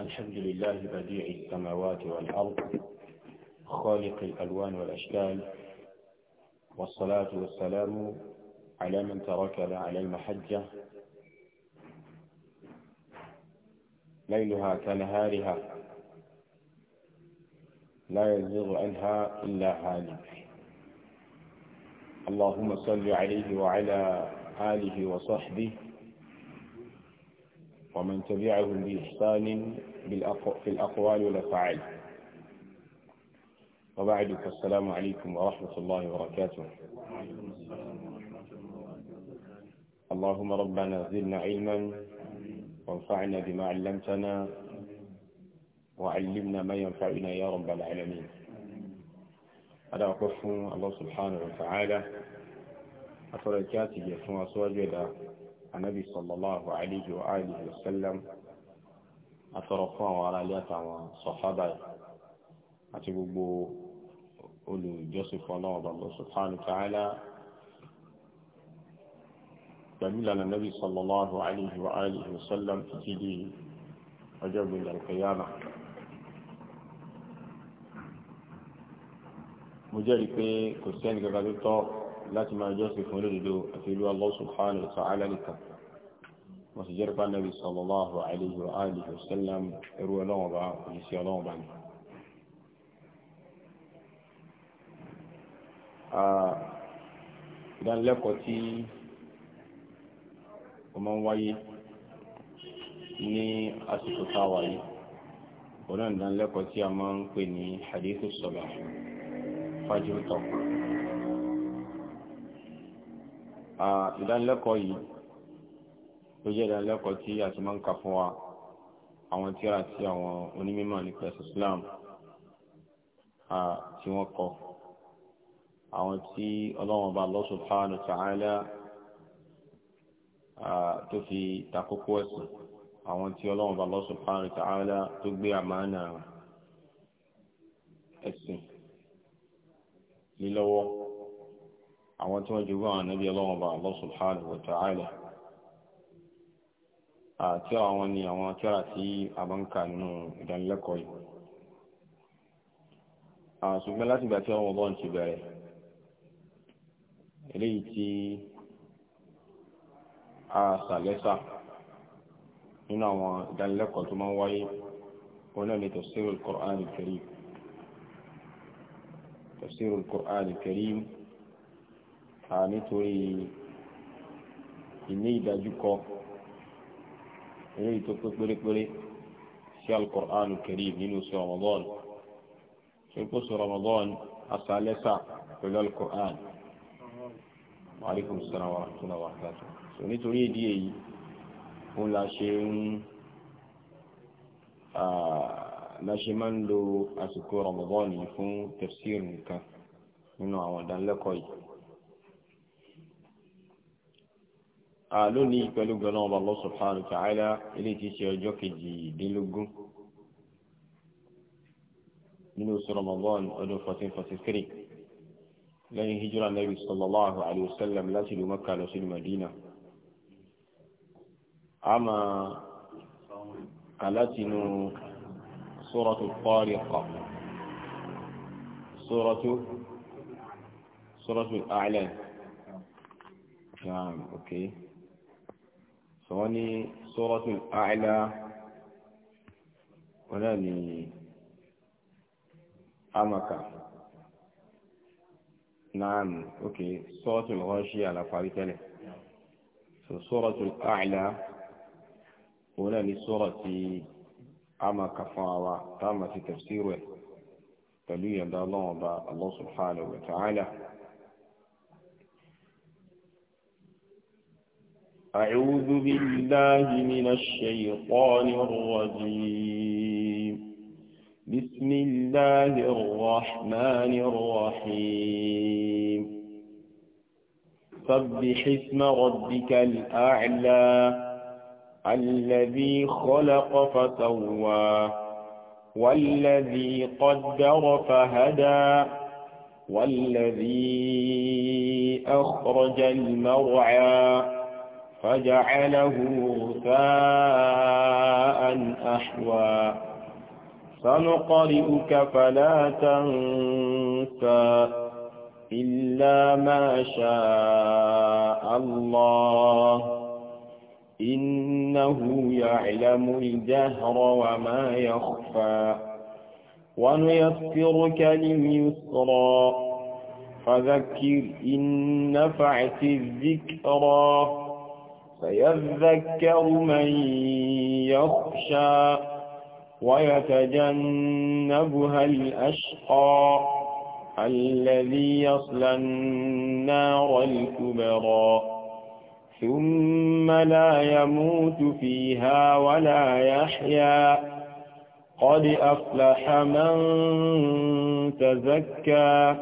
الحمد لله بديع السماوات والأرض خالق الألوان والأشكال والصلاة والسلام على من تركنا على المحجة ليلها كنهارها لا يزيغ عنها إلا هالك اللهم صل عليه وعلى آله وصحبه ومن تبعهم بإحسان في الأقوال والأفعال وبعد فالسلام عليكم ورحمة الله وبركاته اللهم ربنا زدنا علما وانفعنا بما علمتنا وعلمنا ما ينفعنا يا رب العالمين هذا أقف الله سبحانه وتعالى أتركاتي يسمى سواجه anabi sallallahu alayhi wa alihi wa sallam atọrọ fún àwọn ará ilé àtàwọn sọfádà àti gbogbo olùjọsìn fún Ọlọ́run ọba subhanahu wa ta'ala pẹ̀lú ìlànà nabi sallallahu alayhi wa alihi wa sallam títí di ọjọ́ ìgbìyànjú alqiyama. mo jẹ́rìí pé kò sí ẹnì kankan tó tọ́ láti máa jọ́sìn fún olódodo àti ìlú Allah subhanahu wa ta'ala nìkan wọ́n sì jẹ́rìí fún Nabi sallallahu alayhi wa alihi wa sallam ẹrú ọlọ́wọ́n bá òṣìṣẹ́ ọlọ́wọ́n bá ní. ìdánilẹ́kọ̀ọ́ tí ó máa ń wáyé ní àsìkò táwa yìí ìdánilẹ́kọ̀ọ́ tí a máa ń pè ní hadithu sọ̀rọ̀ fájú tọ̀kọ̀ ìdánilẹ́kọ̀ọ́ yìí ló jẹ́ ìdánilẹ́kọ̀ọ́ tí a ti máa ń kà fún wa àwọn tírà tí àwọn onímọ̀ nípa ẹ̀sìn Islam tí wọ́n kọ àwọn tí Ọlọ́run Ọba Allah subhanahu wa ta'ala tó fi takókó ẹ̀sìn àwọn tí Ọlọ́run Ọba Allah subhanahu wa ta'ala tó gbé àmánà ẹ̀sìn lílọ́wọ́ àwọn tí wọ́n jogún àwọn ànábì ọlọ́wọ́n bá Allah subhanahu wa ta'ala àti àwọn ni àwọn tíra tí a bá ń kà nínú ìdánilẹ́kọ̀ọ́ yìí ṣùgbọ́n láti ìgbà tí àwọn ọlọ́run ti bẹ̀rẹ̀ eléyìí tí a sàlẹ́sà nínú àwọn ìdánilẹ́kọ̀ọ́ tó máa ń wáyé wọn náà ni tafsirul Qur'an al-Karim tafsirul Qur'an al-Karim nítorí ìní ìdájúkọ eléyìí tó pé pérépéré sí alukur'an karim nínú sọ Ramadan ṣèkó sọ Ramadan asálẹ́sà pẹ̀lú alukur'an maaleykum salaam wa rahmatulah wa barakatuh so nítorí ìdí èyí òun la ṣe ń la ṣe máa ń lo àsìkò Ramadan yìí fún tafsir nìkan nínú àwọn ìdánilẹ́kọ̀ọ́ yìí. lónìí pẹ̀lú gbọ́dọ̀ ọba Allah subhanahu wa ta'ala eléyìí ti ṣe ọjọ́ kejìdínlógún nínú oṣù Ramadan ọdún fourteen forty three lẹ́yìn hijira nabi sallallahu alayhi wa sallam láti ìlú Mẹ́kà lọ sí ìlú Madina a máa kà láti inú suratul Tariqa suratul suratul A'la. نعم أوكي sọ wọ́n ní Suratul A'la wọn náà ní amaka naam ok Suratul Ghashiya àlàfàrí tẹ́lẹ̀ so Suratul A'la wọn náà ní sọ́rọ̀ tí amaka fún wa táwọn ti tafsiru pẹ̀lú yọ̀ǹda ọlọ́wọ́n bá Allah subhanahu wa ta'ala. أعوذ بالله من الشيطان الرجيم بسم الله الرحمن الرحيم سبح اسم ربك الأعلى الذي خلق فسوى والذي قدر فهدى والذي أخرج المرعى فجعله غثاء أحوى سنقرئك فلا تنسى إلا ما شاء الله إنه يعلم الجهر وما يخفى ونيسرك لليسرى فذكر إن نفعت الذكرى فيذكر من يخشى ويتجنبها الأشقى الذي يصلى النار الكبرى ثم لا يموت فيها ولا يحيا قد أفلح من تزكى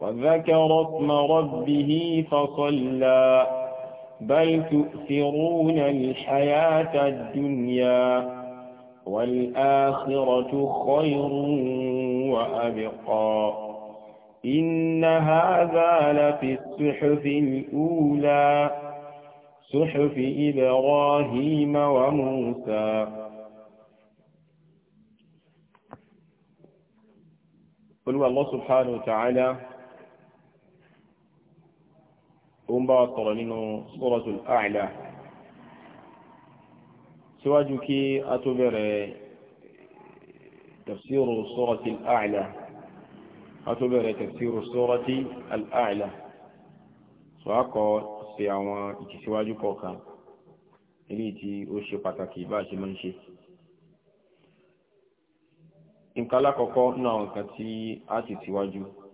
وذكر اسم ربه فصلى بل تؤثرون الحياة الدنيا والآخرة خير وأبقى إن هذا لفي الصحف الأولى صحف إبراهيم وموسى قل الله سبحانه وتعالى ó ń bá wa sọ̀rọ̀ nínú Suratul A'la síwájú kí a tó bẹ̀rẹ̀ tafsiru Suratul A'la a tó bẹ̀rẹ̀ tafsiru Suratul A'la sọ akọ sí àwọn ìtìsíwájú kọ̀ọ̀kan eléyìí tí ó ṣe pàtàkì bá a ṣe máa ń ṣe nǹkan alákọ̀ọ́kọ́ náà nǹkan tí a ti tìwájú. Si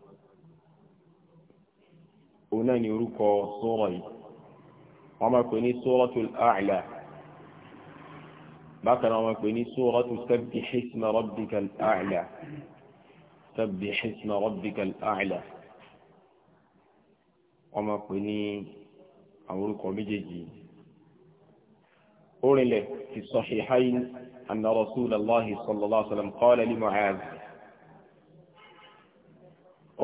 òun náà ni orúkọ sóòrọ̀ yìí wọ́n máa pè ní suratul a'la bákan náà wọ́n máa pè ní suratu sabbih isma rabbikal a'la sabbih isma rabbikal a'la wọ́n máa pè ní àwọn orúkọ méjèèjì orinlẹ̀ fi sahihayn anna rasulallahi sallallahu alaihi wa sallam qala li Mu'adh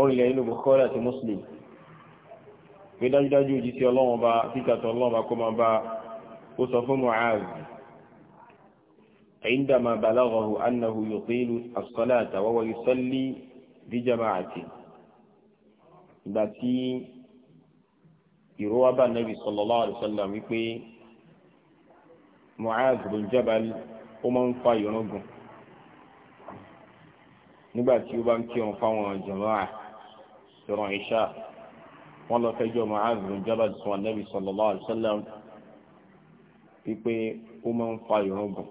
orinlẹ̀ inú Bukhari àti Muslim pé dájúdájú ojú sí ọlọ́wọ́n bá títàtọ̀ ọlọ́wọ́n bá kó máa bá ó sọ fún Mu'az عندما بلغه أنه يطيل الصلاة وهو يصلي بجماعة باتي يروى النبي صلى الله عليه وسلم يقول معاذ بن جبل ومن فايرون نباتي يبان كيون فاوان جماعة يرون عشاء wọ́n lọ fẹjọ́ Mu'adh bin Jabal sùn Ànábì sallallahu alaihi wasallam wípé ó máa ń fa ìrun gùn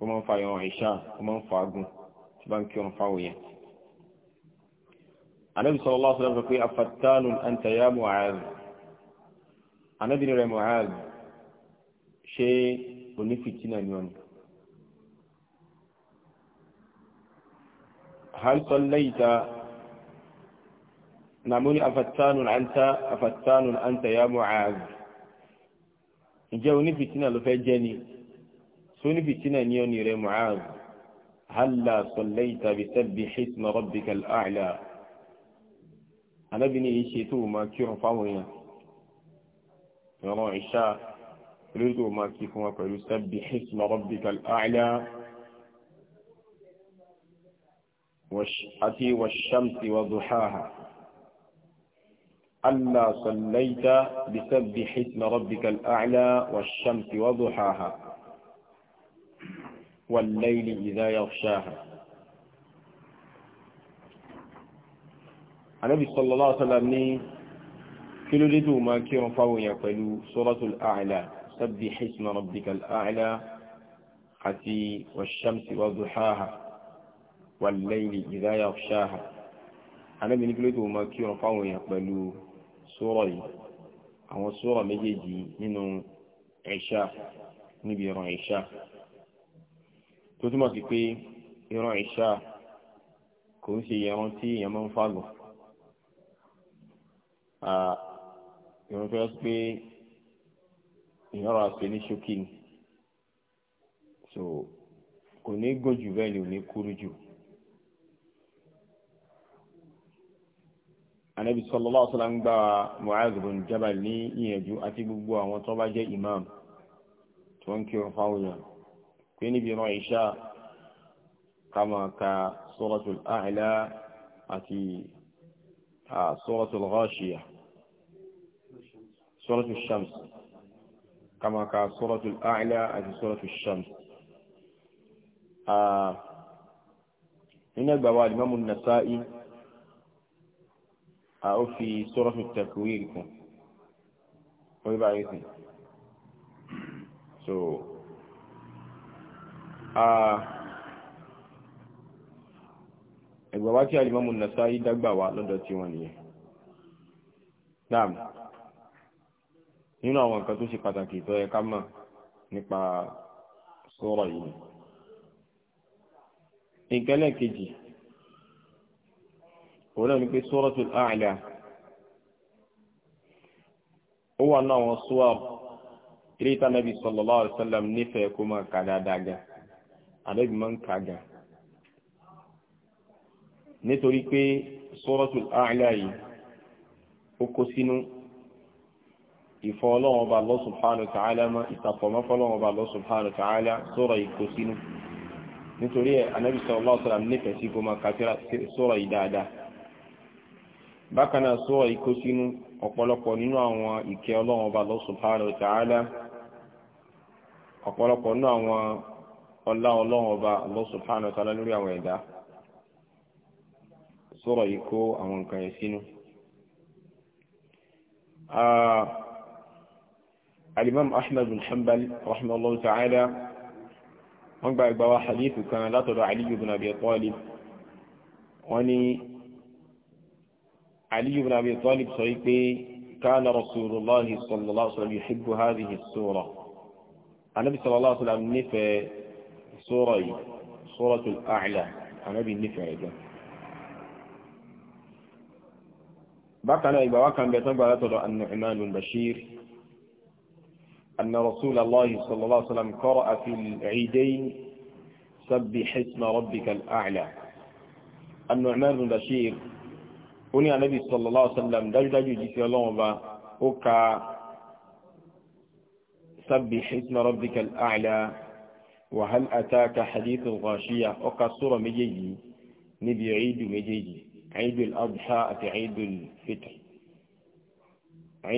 ó máa ń fa ìrun ìṣá ó máa ń fa gùn tí bá ń kírun fáwọn yẹn. Ànábì sallallahu alaihi wasallam sọ pé afattanun anta ya Mu'adh Ànábì rẹ̀ Mu'adh onífìtínà ni wọn. هل صليت نموني أفتان أنت أفتان أنت يا معاذ جوني فتنة لفجني سوني فتنة نيوني ري معاذ هلا صليت بسبح اسم ربك الأعلى أنا بني إيشيتو ما كيرو فاوية يرى عشاء ردو ما كيفو ما قالوا سبح اسم ربك الأعلى وش أتي والشمس وضحاها ألا صليت بسبح اسم ربك الأعلى والشمس وضحاها والليل إذا يغشاها النبي صلى الله عليه وسلم كل لدو ما كيرون يقلو سورة الأعلى سبح اسم ربك الأعلى حتي والشمس وضحاها والليل إذا يغشاها النبي نقول لدو ما كيرون فاون يقلو sóòrọ̀ yìí àwọn sóòrọ̀ méjèèjì nínú ẹ̀ṣà níbi ìran ẹ̀ṣà tó túmọ̀ sí pé ìran ẹ̀ṣà kò ń ṣe ìran tí èèyàn máa ń fàgùn ìran tó yẹ pé èèyàn rà ṣe ní ṣókí ni so kò ní gùn jù bẹ́ẹ̀ ni ò ní kúrú jù. anabi sallallahu alaihi wasallam gba mu'az bin jabal ní ìyànjú àti gbogbo àwọn tó bá jẹ́ imam tó ń kírun fáwọn yàn pé níbi ìran ìṣá ká máa ka suratul a'la àti suratul ghashiyah suratul shams ká ka suratul a'la àti suratul shams nínú ẹgbàá wa alimamu nasa'i a ó fi sọ́rọ́fù tẹ̀kùwìrì kún orí báyìí sí so ẹgbàwá tí alìmọ́mù nasáyí dágbà wá lọ́dọ̀ tí wọ́n nìyẹn dáàmù nínú àwọn nǹkan tó ṣe pàtàkì tó yẹ ká mọ̀ nípa sọ́rọ̀ yìí nǹkan lẹ́ẹ̀kejì òun náà ní pé Suratul A'la ó wà náà wọn sọ́ọ̀ ilé ìta nàbì sallallahu alaihi wasallam nífẹ̀ẹ́ kó máa kà dáadáa gan ànábì máa ń kà gan nítorí pé Suratul A'la yìí ó kó sínú ìfọ́ ọlọ́run ọba Allah subhanahu wa ta'ala mọ́ ìtàfọ̀mọ́ fọlọ́run ọba Allah subhanahu wa ta'ala sọ̀rọ̀ ìkó sínú nítorí ẹ̀ ànábì sallallahu alaihi wasallam nífẹ̀ẹ́ sí kó máa kà sọ̀rọ̀ yìí bákan náà sọ ìkó sínú ọ̀pọ̀lọpọ̀ nínú àwọn ìkẹ́ ọlọ́run ọba Allah subhanahu wa ta'ala ọ̀pọ̀lọpọ̀ nínú àwọn ọlá ọlọ́run ọba Allah subhanahu wa ta'ala lórí àwọn ẹ̀dá sọ̀rọ̀ yìí kó àwọn nǹkan yẹn sínú. alimam ahmed bin hanbal ta'ala wọ́n gba ìgbà wa hadith kan látọ̀dọ̀ aliyu bin abi talib wọ́n علي بن أبي طالب صحيح كان رسول الله صلى الله عليه وسلم يحب هذه السورة النبي صلى الله عليه وسلم نفى سورة إيه؟ سورة الأعلى النبي نفى أيضا بقى أنا إبا وكان بيتنبع النعمان البشير أن رسول الله صلى الله عليه وسلم قرأ في العيدين سبح اسم ربك الأعلى النعمان بن بشير ó ní anabi sallallahu alaihi wasallam dájúdájú jíṣẹ́ ọlọ́wọ́n bá ó ka sabbih isma rabbikal a'la wa hal ataka hadithul ghashiya ó ka sura méjèèjì níbi ìdù méjèèjì ìdùl adha àti ìdùl fitr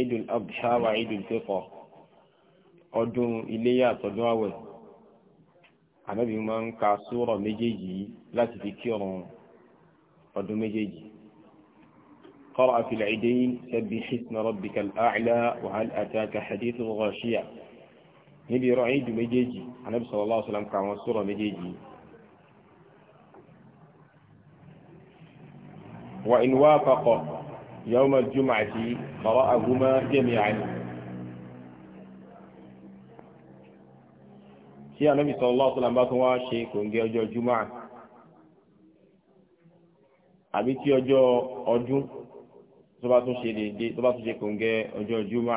ìdùl adha wa ìdùl fitr ọdún iléyà àtọdún àwẹ̀ anabi máa ń ka sura méjèèjì láti fi kírun ọdún méjèèjì. قرأ في العيدين سبح اسم ربك الأعلى وهل أتاك حديث الغاشية نبي رعيد مجيجي النبي صلى الله عليه وسلم كما سورة مجيجي وإن وافق يوم الجمعة قرأهما جميعا شيء النبي صلى الله عليه وسلم باتوا شيء كونجي أجو الجمعة أبيتي أجو أجو tó bá tún ṣe déédé tó bá tún ṣe kòǹgẹ́ ọjọ́ jùmọ̀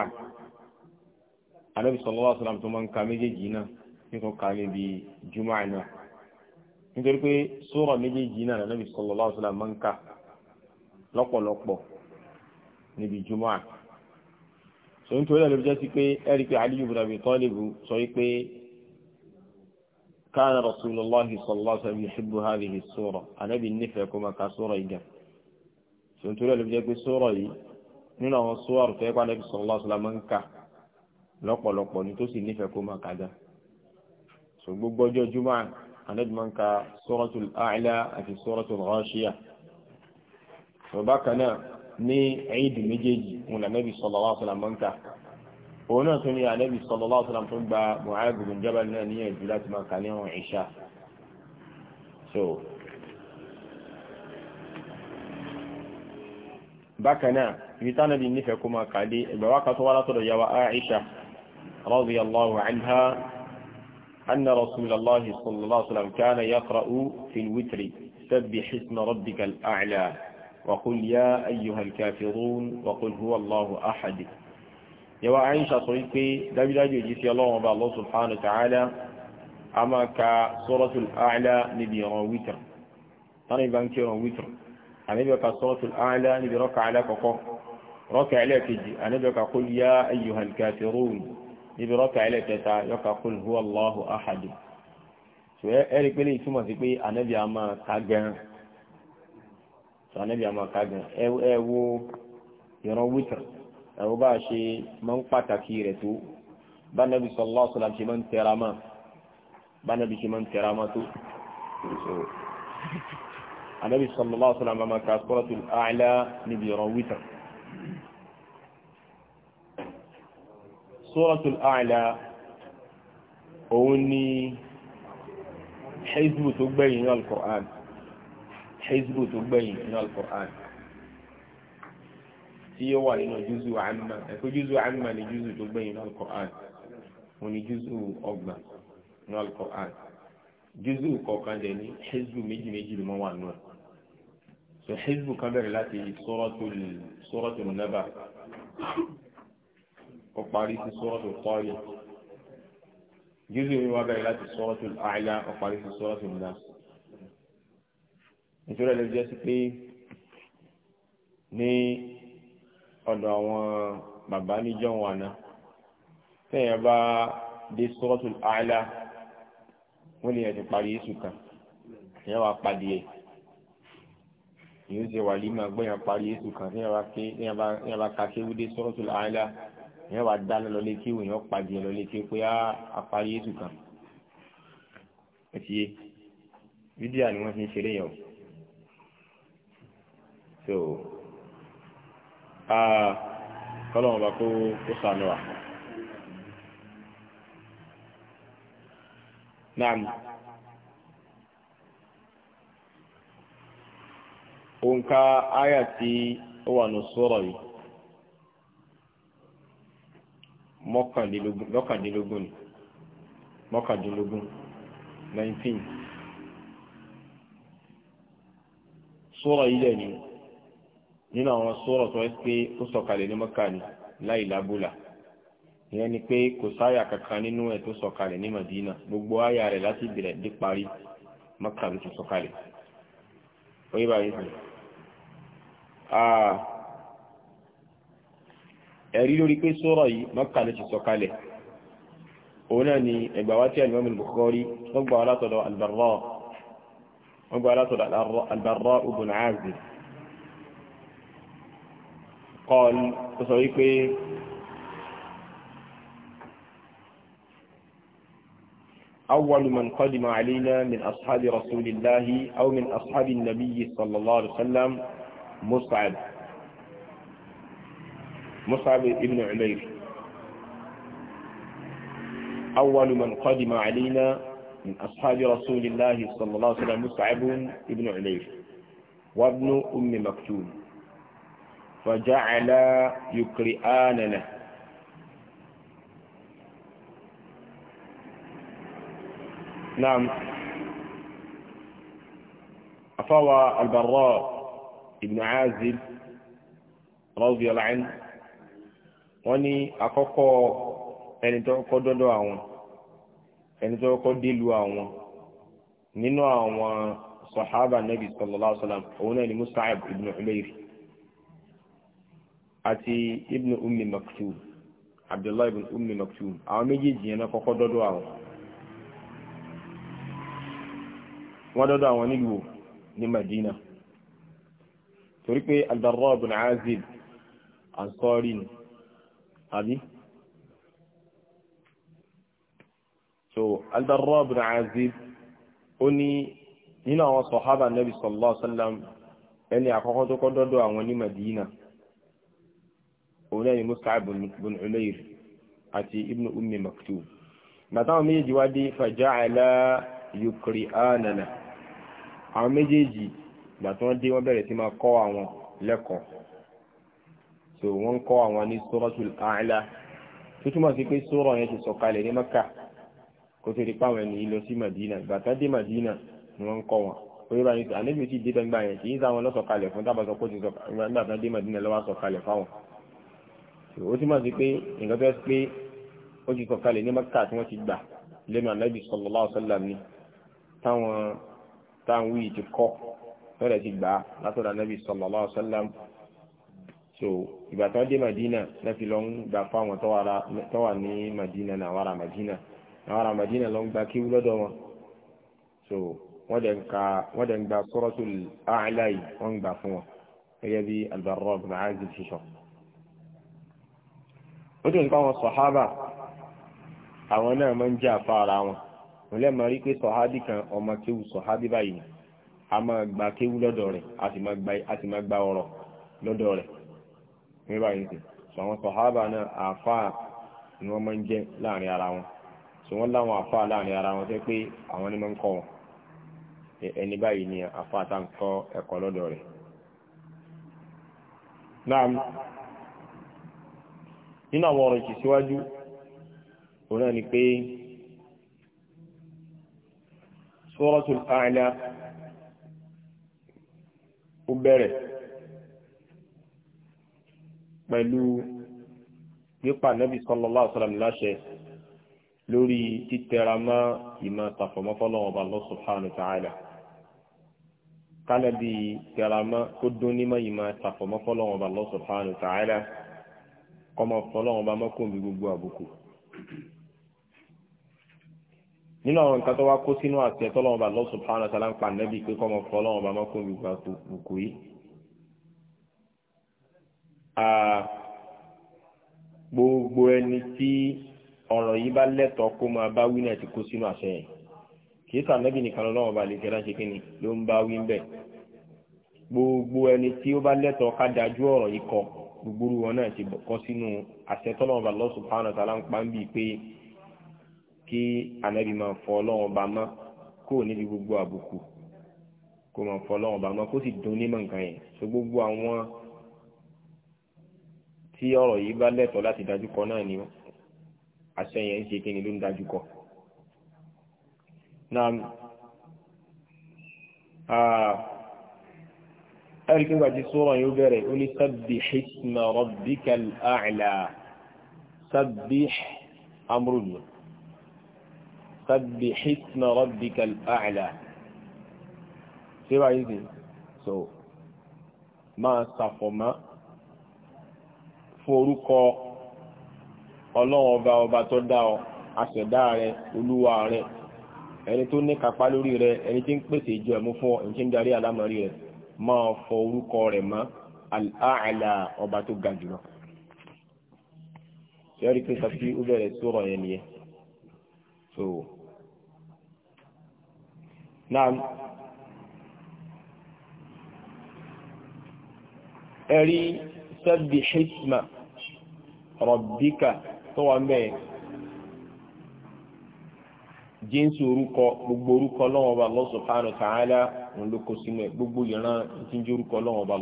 ànábì sallallahu alaihi wasallam tó máa ń ka méjèèjì náà nítorí ka níbi jùmọ̀ náà nítorí pé sóòrọ̀ méjèèjì náà ànábì sallallahu alaihi wasallam máa ń ka lọ́pọ̀lọpọ̀ níbi jùmọ̀ àná sọ nítorí ẹ̀ ló jẹ́ sí pé ẹ̀rí pé Aliyu ibn Abi Talib sọ pé كان رسول الله صلى الله عليه وسلم يحب هذه السورة أنا بالنفع كما كسورة إجابة sọ̀tún rẹ̀ ló fi jẹ́ pé sọ́rọ̀ yìí nínú àwọn sọ́ọ̀rù tó yẹ pa Nabi sallallahu alaihi wasallam máa ń kà lọ́pọ̀lọpọ̀ ni tó sì nífẹ̀ẹ́ kó máa kàdá so gbogbo ọjọ́ jumá Ànábì máa ń ka suratul A'la àti suratul Ghashiya so bákan náà ní ẹ̀yìn dì méjèèjì wọn là Nabi sallallahu alaihi wasallam máa ń kà òun náà tún ní Ànábì sallallahu alaihi wasallam tó gba Mu'adh bin náà níyànjú láti máa kà ní àwọn ìṣá bákanáà ìtànàbí nífẹ̀ẹ́ kó máa kàdé ẹgbẹ̀wá kan tó wá látọ̀dọ̀ yàwó Aisha radiyallahu anha anna rasulallah sallallahu alaihi wasallam kana yaqra'u fil witri sabbih isma rabbikal a'la wa qul ya ayyuhal kafirun wa qul huwa allahu ahad yàwó Aisha sọ pé dájúdájú èjì sí ọlọ́run ọba allah subhanahu wa ta'ala a máa ka suratul a'la níbi ìran witr tánà ìbá ń kí ìran witr ànábì ó ka suratul A'la níbi rọ́kà alákọ̀ọ́kọ́ rọ́kà ẹlẹ́ẹ̀kejì ànábì ó ka qul ya ayyuhal kafirun níbi rọ́kà ẹlẹ́ẹ̀kẹta yó ka qul huwa Allahu ahad ṣùgbọ́n ẹ̀rí pé lè túmọ̀ sí pé ànábì á máa ká gan ànábì á máa ká gan ẹ wo ìran wítìr ẹ wo bá a ṣe máa ń pàtàkì rẹ̀ tó bá nàbì sallallahu alaihi wasallam ṣe máa ń tẹra mọ́ bá nàbì ṣe anabi sallallahu alaihi wasallam máa ka suratul a'la níbi ìran wítà suratul a'la òun ni hezbo tó gbẹ̀yìn ní al-Qur'an hezbo tó gbẹ̀yìn ní al-Qur'an tí yóò wà nínú júzù àmà ẹ̀kọ́ júzù àmà ni júzù tó gbẹ̀yìn ní al ni júzù ọgbà ní al-Qur'an júzù kọ̀ọ̀kan dẹ̀ ní hezbo méjì méjì ló máa wà nù ẹ̀ so hizbu kan bẹ̀rẹ̀ láti suratul naba ó parí sí suratul Tariq jùzù mi wá bẹ̀rẹ̀ láti suratul A'la ó parí sí suratul Nas nítorí ẹ̀lẹ́ jẹ́ sí pé ní ọ̀dọ̀ àwọn bàbá níjọ́ wọn náà tẹ́yìn bá dé suratul A'la wọ́n lè yẹn ti parí yéṣù kan ìyẹn wàá padì yẹn èyí ṣe wà límọ̀ gbọ́yàn parí èsù kan tí yẹn bá ka kéwú dé Suratul A'la yẹn wà dáná lọlé kéwú yẹn pàdé lọlé kéwú pé á ah, parí èsù kan. ẹ ti yé fídíò ni wọ́n fi ń ṣeré yẹn o. so ah, kọ́lọ́mọba kó kó sànú wa. naam. òǹkà àyà tí ó wà ní sọ́rọ̀ yìí mọ́kàndínlógún ni mọ́kàndínlógún 19 sọ́rọ̀ yìí dẹ̀ ni nínú àwọn sọ́rọ̀ tó ẹ́ pé ó sọ̀kalẹ̀ ní Mọ́kà ni láì lábúlà ìyẹn ni pé kò sáyà kankan nínú ẹ̀ tó sọ̀kalẹ̀ ní Madina gbogbo àyà rẹ̀ láti bẹ̀rẹ̀ dé parí Mọ́kà ló ti sọ̀kalẹ̀ ó yẹ báyìí ẹ̀rí lórí pé sọ́rọ̀ yìí Mákkà ló ti sọ̀kalẹ̀ òun náà ni ẹgbàwá tí alimami Bukhari wọ́n gbà látọ̀dọ̀ albarra wọ́n gbà látọ̀dọ̀ albarra ibn Azib قال تصويق أول من قدم علينا من أصحاب رسول الله أو من أصحاب النبي صلى الله عليه وسلم مصعب مصعب ابن عمير أول من قدم علينا من أصحاب رسول الله صلى الله عليه وسلم مصعب ابن عمير وابن أم مكتوم فجعل يقرآننا نعم أفوى البراء ibn azib radiyallahu anhu wọ́n ní àkọ́kọ́ ẹni tó kọ́kọ́ dọ́dọ̀ àwọn ẹni tó kọ́kọ́ délùú àwọn nínú àwọn sọ̀hábà nabi sallallahu alaihi wasallam òun náà ni musa'ab ibn umair àti ibn ummi maktum abdullahi ibn ummi maktum àwọn méjèèjì yẹn náà kọ́kọ́ dọ́dọ̀ àwọn wọ́n dọ́dọ̀ àwọn nílùú ní madina torí pé albarra ibn azib ansori ni àbí so albarra ibn azib ó ní nínú àwọn sọ̀hábà nabi sallallahu alaihi wasallam ẹni àkọ́kọ́ tó kọ́ dọ́dọ̀ àwọn ní madina òun náà ni mus'ab ibn umair àti ibn ummi maktub bàtàwọn méjèèjì wá dé fàjáàlá yukri'anana àwọn méjèèjì ìgbà tí wọ́n dé wọ́n bẹ̀rẹ̀ sí máa kọ́ àwọn lẹ́kọ̀ọ́ so wọ́n kọ́ àwọn ní suratul A'la tó túmọ̀ sí pé sura yẹn ti sọ̀kalẹ̀ ní Mẹ́kà kó tó di páwọn ẹni lọ sí Madina ìgbà tí wọ́n dé Madina ni wọ́n kọ́ wọn oyè báyìí sọ àlejò tí débẹ̀ ńgbà yẹn kì í sáwọn lọ́sọ̀kalẹ̀ fún tábàsọ kó ti sọ nígbà tí dé Madina lọ́wọ́ sọ̀kalẹ̀ fáwọn ó túmọ̀ sí pé nǹkan tó pé ó ti sọ̀kalẹ̀ ní Mẹ́kà tí wọ́n ti gbà lẹ́nu Ànábì sallallahu alaihi wasallam táwọn táwọn wíì ti kọ́ tọ́lẹ̀ ti gbà á látọ̀dọ̀ anábì sallallahu alaihi wasallam so ìgbà tó dé madina náà fi lọ ń gbà fáwọn tó wà ní madina náà wàrà madina náà wàrà madina lọ ń gba kíwú lọ́dọ̀ wọn so wọ́n dẹ̀ ń ka wọ́n dẹ̀ ń gba suratul A'la yìí wọ́n ń gbà fún wọn gẹ́gẹ́ bí al-Barra ibn Azib ṣiṣọ́ ó dùn káwọn sọ̀hábà àwọn náà máa ń jẹ́ àfa ara wọn òun lẹ́ẹ̀ máa rí pé sọ̀hábì kan ọmọ kéwù sọ̀hábì báyìí a máa gba kéwú lọ́dọ̀ rẹ̀ a sì máa gba ọ̀rọ̀ lọ́dọ̀ rẹ̀ ní báyìí sí so àwọn sọ̀hábà náà àáfàá ni wọ́n máa ń jẹ́ láàrin ara wọn so wọ́n láwọn àáfàá láàrin ara wọn tẹ́ pé àwọn ni máa ń kọ́ wọn ẹni báyìí ni àáfàá tá ń kọ́ ẹ̀kọ́ lọ́dọ̀ rẹ̀ náà nínú àwọn ọ̀rọ̀ ìṣíwájú òun náà ni pé Suratul A'la ó bẹ̀rẹ̀ pẹ̀lú pípa nẹ́bí sallallahu alaihi wasallam láṣẹ lórí títẹra mọ́ ìmọ̀ tàfọ̀mọ́fọ́lọ́wọ́ ọba Allah subhanahu wa ta'ala kánẹ́bí tẹra mọ́ kó dún ní mọ́ ìmọ̀ tàfọ̀mọ́fọ́lọ́wọ́ ọba Allah subhanahu wa ta'ala kọ́mọ fọlọ́wọ́ ọba mọ́kùnrin gbogbo àbùkù nínú àwọn nǹkan tó wá kó sínú àti ẹ̀tọ́ lọ́wọ́ bá Allah subhanahu wa ta'ala ń pa nẹ́bí pé kọ́ ọmọ fọ́ lọ́wọ́ bá mọ́kó mi gba kùkù yìí. gbogbo ẹni tí ọ̀rọ̀ yìí bá lẹ́tọ̀ọ́ kó máa bá wí náà ti kó sínú àṣẹ yẹn kì í sànẹ́bí nìkan lọ́wọ́ bá lè kẹ́lá ṣe kí ni ló ń bá wí ń bẹ̀. gbogbo ẹni tí ó bá lẹ́tọ̀ọ́ ká dájú ọ̀rọ̀ yìí kọ gbogbo wọn náà ti kọ́ sínú àṣẹ tọ́lọ́wọ́ kí ànábì máa fọ ọlọ́run ọba mọ́ kó níbi gbogbo àbùkù kó máa fọ ọlọ́run ọba mọ́ kó sì dún nímọ̀ nǹkan yẹn so gbogbo àwọn tí ọ̀rọ̀ yìí bá lẹ́tọ̀ọ́ láti dájú kọ náà ni àṣẹ yẹn ń ṣe kí ni ló ń dájú kọ. ẹ̀rí kí n gbàjú sọ́rọ̀ yóò bẹ̀rẹ̀ ó ní sabbih isma rabbikal سبح اسم ربك الأعلى síra ìdí so máa ṣàfọ̀mọ́ fún orúkọ ọlọ́run ọba ọba tó dá ọ aṣẹ̀dá rẹ olúwa rẹ ẹni tó ní kápá lórí rẹ ẹni tí ń pèsè ìjọ ẹ̀mú fún ọ ẹni tí ń darí àlámọ̀rí rẹ máa fọ orúkọ rẹ mọ́ àlà ọba tó ga jùlọ. ṣé ẹ rí pé sọ pé ó bẹ̀rẹ̀ sọ̀rọ̀ yẹn nìyẹn. so na eri sẹ́bì hikma rọ̀bíkà tó wà mẹ́ẹ̀ jíǹsì orúkọ gbogbo orúkọ lọ́wọ́n ọba Allah subhanahu wa ta'ala gbogbo ìran jíǹsì orúkọ lọ́wọ́n bá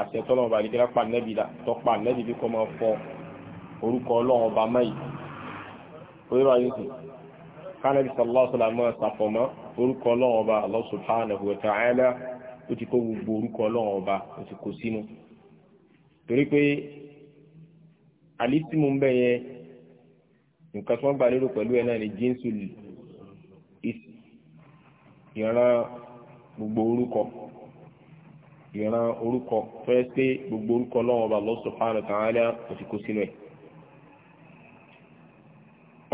àti ẹ̀tọ́lọ́wọ́ bá dìkẹ́lá pa nẹ́bí la tọ́pa nẹ́bí bí kọ́ máa fọ orúkọ ọlọ́run ọba mẹ́yì orí bá yóò sùn kánẹ́bí sallallahu alaihi wasallam máa ṣàfọ̀mọ́ orúkọ ọlọ́run ọba Allah subhanahu wa ta'ala ó ti kó gbogbo orúkọ ọlọ́run ọba ó ti kó sínú torí pé àlítìmù ń bẹ̀ yẹn nǹkan tí wọ́n gbà lérò pẹ̀lú ẹ̀ náà ni jíǹsù ìran gbogbo orúkọ ìran orúkọ fẹ́ pé gbogbo orúkọ lọ́wọ́ ọba Allah subhanahu wa ta'ala kò sí kó sínú ẹ̀.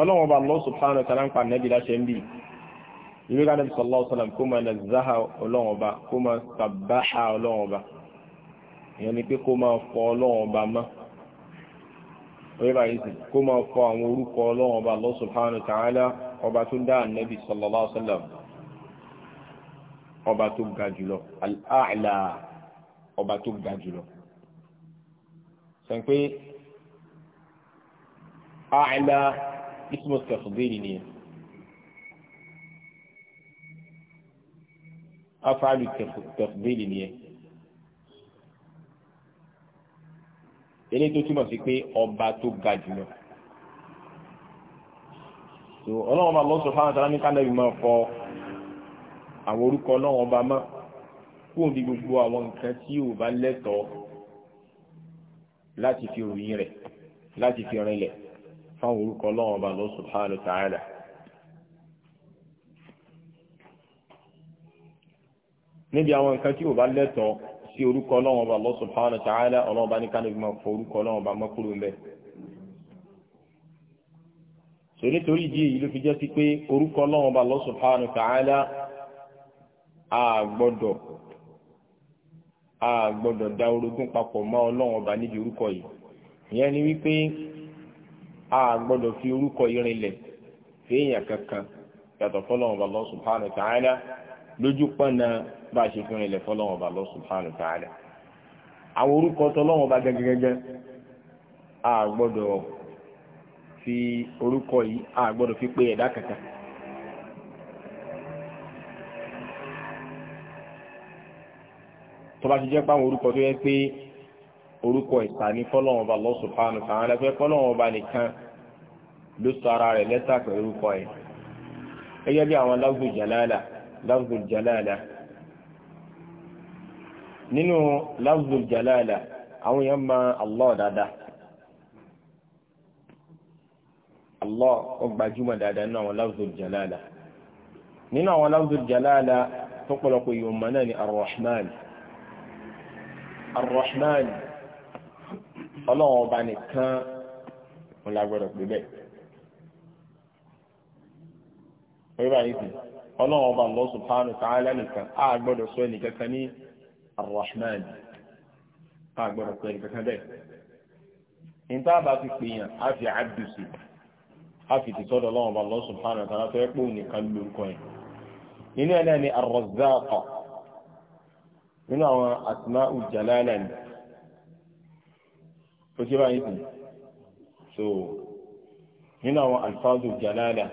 ọlọ́wọ́ ọba Allah subhanahu wa ta'ala ń pa nẹ́bí láṣẹ ń bì ìwé ká nẹ́bí sallallahu alaihi wasallam kó máa nazaha ọlọ́wọ́ ọba kó máa sàbáha ọlọ́wọ́ ọba ìyẹn ni pé kó máa fọ ọlọ́wọ́ ọba mọ́ oríba yìí kó máa fọ àwọn orúkọ ọlọ́wọ́ ọba Allah subhanahu wa ọba tó ga jùlọ sọ pé àìlà ismus kẹfùbẹ́ẹ̀lì nìyẹn afaalu kẹfùbẹ́ẹ̀lì nìyẹn eléyìí tó túmọ̀ sí pé ọba tó ga jùlọ ọlọ́run ọba lọ́sọ̀ọ́ fáwọn àtàlámíkà náà yìí máa fọ àwọn orúkọ ọlọ́run ọba máa kóun bí gbogbo àwọn nǹkan tí ò bá lẹ́tọ̀ọ́ láti fi ròyìn rẹ̀ láti fi rinlẹ̀ fáwọn orúkọ Ọlọ́run ọba lọ subhanahu wa ta'ala. níbi àwọn nǹkan tí ò bá lẹ́tọ̀ọ́ sí orúkọ Ọlọ́run ọba lọ subhanahu wa Ọlọ́run ọba ní kánú máa fọ orúkọ Ọlọ́run ọba mọ́kúrò ń bẹ́ẹ̀ so ìdí èyí ló fi jẹ́ sí pé orúkọ Ọlọ́run ọba Allah subhanahu wa ta'ala a gbọ́dọ̀ da orogún papọ̀ mọ́ ọlọ́run ọba níbi orúkọ yìí ìyẹn ni wípé a fi orúkọ yìí fi fèèyàn kankan yàtọ̀ fọlọ́run ọba Allah subhanahu wa lójú pọ́nà bá a ṣe fi rinlẹ̀ fọlọ́run ọba Allah subhanahu wa àwọn orúkọ tọlọ́run a fi orúkọ yìí a fi pé ẹ̀dá kankan. bá ti jẹ́ páwọn orúkọ tó yẹ pé orúkọ ìta ní fọ́lọ́wọ́n ọba Allah subhanahu wa ta'ala pé fọ́lọ́wọ́n ọba nìkan ló sọ ara rẹ̀ lẹ́tà pẹ̀lú orúkọ ẹ̀ gẹ́gẹ́ bí àwọn lafzul jalala lafzul jalala nínú lafzul jalala àwọn èèyàn máa Allah dáadáa Allah ó gbajúmọ̀ dáadáa nínú àwọn lafzul nínú àwọn lafzul tó pọ̀lọpọ̀ yòó mọ́ náà ni ar-Rahman arrahman ọlọ́run ọba nìkan wọn la gbọ́dọ̀ pé bẹ́ẹ̀ orí báyìí sì ọlọ́run ọba Allah subhanahu wa ta'ala nìkan á gbọ́dọ̀ sọ ẹnìkan kan ní arrahman á gbọ́dọ̀ sọ ẹnìkan kan bẹ́ẹ̀ níta bá fi pèèyàn á fi abdu sí á fi ti sọ́dọ̀ ọlọ́run ọba Allah subhanahu wa ta'ala tó ẹ́ pé òun nìkan lórúkọ yẹn nínú ẹ̀ náà ni arrazzaq nínú àwọn asma'u jalala ni ó ṣe báyìí sí so nínú àwọn alfáàzù jalala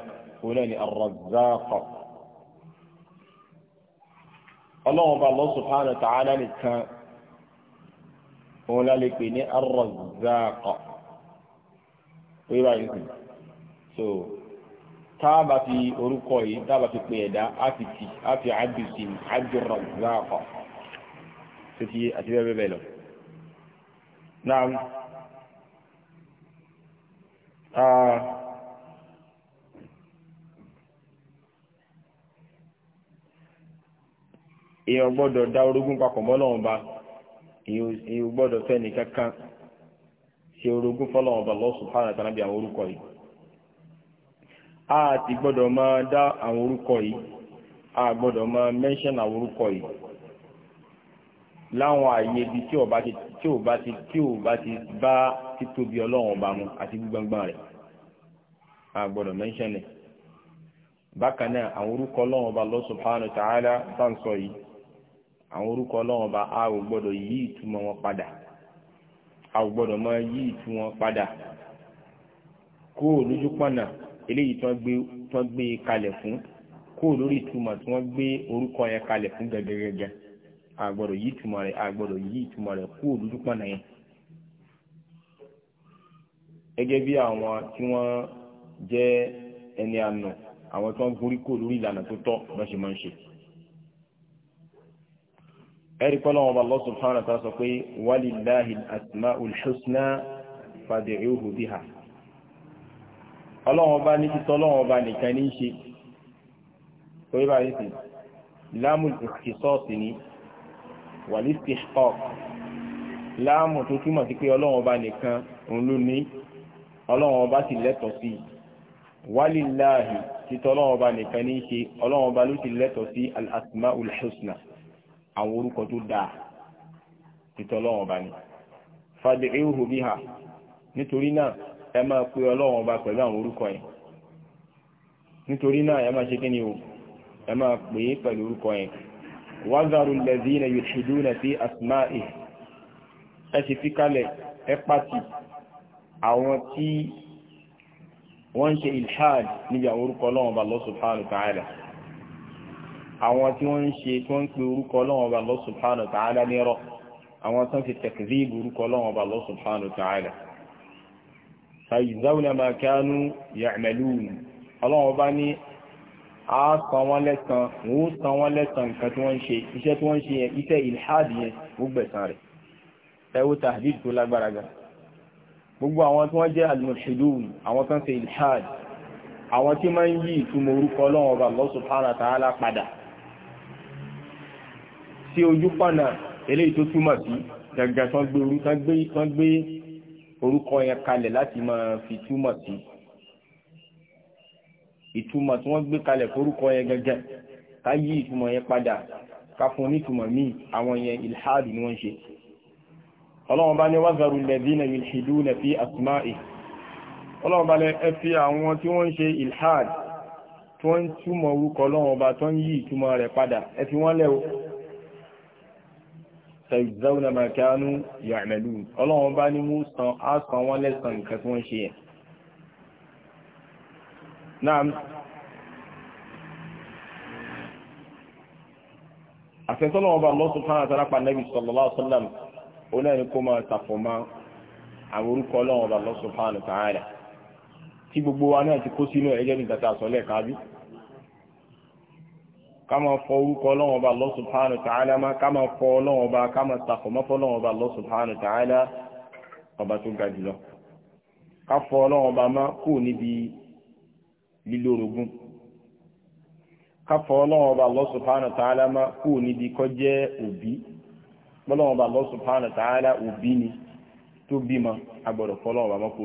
ó náà ni arrazzaqa ọlọ́run bá Allah subhanahu wa ta'ala nìkan òun lálẹ́ pè ní arrazzaqa ó ṣe báyìí sí so táàbà fi orúkọ yìí táàbà fi pè ẹ̀dá á fi ti á fi abdu sí abdu tó ti yé àti bẹ́ẹ̀ bẹ́ẹ̀ lọ. Naam ah. èèyàn gbọ́dọ̀ dá orogún papọ̀ mọ́lọ́wọ́n ba èèyàn gbọ́dọ̀ fẹ́ni kankan ṣe orogún fọ́lọ́wọ́n ba lọ́sù fáwọn àwọn orúkọ yìí a ti gbọ́dọ̀ máa dá àwọn orúkọ yìí a gbọ́dọ̀ máa mẹ́ṣẹ́n àwọn orúkọ yìí láwọn àyè ibi tí ò bá ti tí ò bá ti tí ò bá ti bá títóbi ọlọ́run ọba mu àti gbígbọ́ngbọ́n rẹ̀ a gbọ́dọ̀ mẹ́ńṣẹ́nì bákan náà àwọn orúkọ ọlọ́run ọba Allah subhanahu wa ta'ala sáǹsọ yìí àwọn orúkọ ọlọ́run ọba a ò gbọ́dọ̀ yí ìtumọ̀ wọn padà a ò gbọ́dọ̀ máa yí ìtumọ̀ wọn padà kó o lójú pọ̀nà eléyìí tí wọ́n gbé kalẹ̀ fún kó o lórí ìtumọ̀ tí wọ́n gbé orúkọ yẹn kalẹ̀ fún gẹ́gẹ́gẹ́gẹ́ àgbọ̀dọ̀ yí ìtumọ̀ rẹ̀ àgbọ̀dọ̀ yí ìtumọ̀ rẹ̀ kú òdúdú pọ̀nà yẹn. gẹ́gẹ́ bí àwọn tí wọ́n jẹ́ ẹni àná àwọn tí wọ́n gorí kò lórí ìlànà tó tọ́ bọ́n ṣe máa ń ṣe. ẹ̀rí pọ́n náà Allah subhanahu wa ta'ala sọ pé walillahi al-asma'ul husna fad'uhu biha. ọlọ́wọ́n bá ní títọ́ ọlọ́wọ́n bá nìkan ní í ṣe. orí bá yẹ sí lámù ni wàlístìkọ́ láàmù tó túmọ̀ sí pé ọlọ́run ọba nìkan òun ló ní ọlọ́run ọba sì lẹ́tọ̀ọ́ sí i wálìláàhì títọ́ ọlọ́run ọba nìkan ní í ṣe ọlọ́run ọba ló sì lẹ́tọ̀ọ́ sí al-asma àwọn orúkọ tó dáa títọ́ ọlọ́run ọba ni fad'iuhu biha nítorí náà ẹ máa pe ọlọ́run ọba pẹ̀lú àwọn orúkọ yẹn nítorí náà ẹ máa ṣe kí ni o ẹ máa pè é pẹ̀lú orúkọ yẹn wàzàrù lẹ́dínà yìí fi asmá ẹ̀ ẹ ti fi kalẹ̀ ẹ pàtì àwọn tí wọ́n ń ṣe ilhad níbi àwọn orúkọ Ọlọ́run bá Allah subhanahu wa ta'ala àwọn tí wọ́n ń ṣe tí wọ́n ń pe orúkọ Ọlọ́run bá Allah subhanahu wa ta'ala nírọ́ àwọn tán ti tẹ̀kìzíb orúkọ Ọlọ́run bá Allah subhanahu wa ta'ala fàyìzáwùnà máa kánú ya'malun bá ní a san wọn lẹ́san wọ́n san wọn lẹ́san nǹkan tí wọ́n ń ṣe iṣẹ́ tí wọ́n ń ṣe yẹn iṣẹ́ ilhad yẹn gbogbo ẹ̀san rẹ̀ ẹwú tahdid tó lágbára gan gbogbo àwọn tí wọ́n jẹ́ al-mulhidun àwọn tó ń ṣe ilhad àwọn tí máa ń yí ìtumọ̀ orúkọ ọlọ́run ọba Allah ìtumọ̀ tí wọ́n gbé kalẹ̀ forúkọ yẹn gẹ́gẹ́ ká yí ìtumọ̀ yẹn padà ká fún nítumọ̀ míì àwọn yẹn ilhadu ni wọ́n ṣe ọlọ́run bá ní wázàrú lẹ́dínà yulhiduna fi asma'i ọlọ́run bá ẹ fi àwọn tí wọ́n ṣe ilhad tí wọ́n túmọ̀ náà àfẹ́sọ́nà ọba Allah subhanahu wa ta'ala Nabi a ó náà ní kó máa àwọn orúkọ ọlọ́run ọba tí gbogbo wa náà ti kó sínú ẹ̀jẹ̀ ní tata sọ́lẹ̀ kájú ká máa fọ orúkọ ọlọ́run ọba Allah subhanahu wa ta'ala má ká máa fọ ọlọ́run ọba ká máa fọlọ́run ọba lílórogún káfọ́ ọlọ́run ọba Allah ta'ala máa kú níbi kọ́ jẹ́ òbí ọlọ́run ọba òbí ni tó bímọ a gbọ́dọ̀ ọba máa kú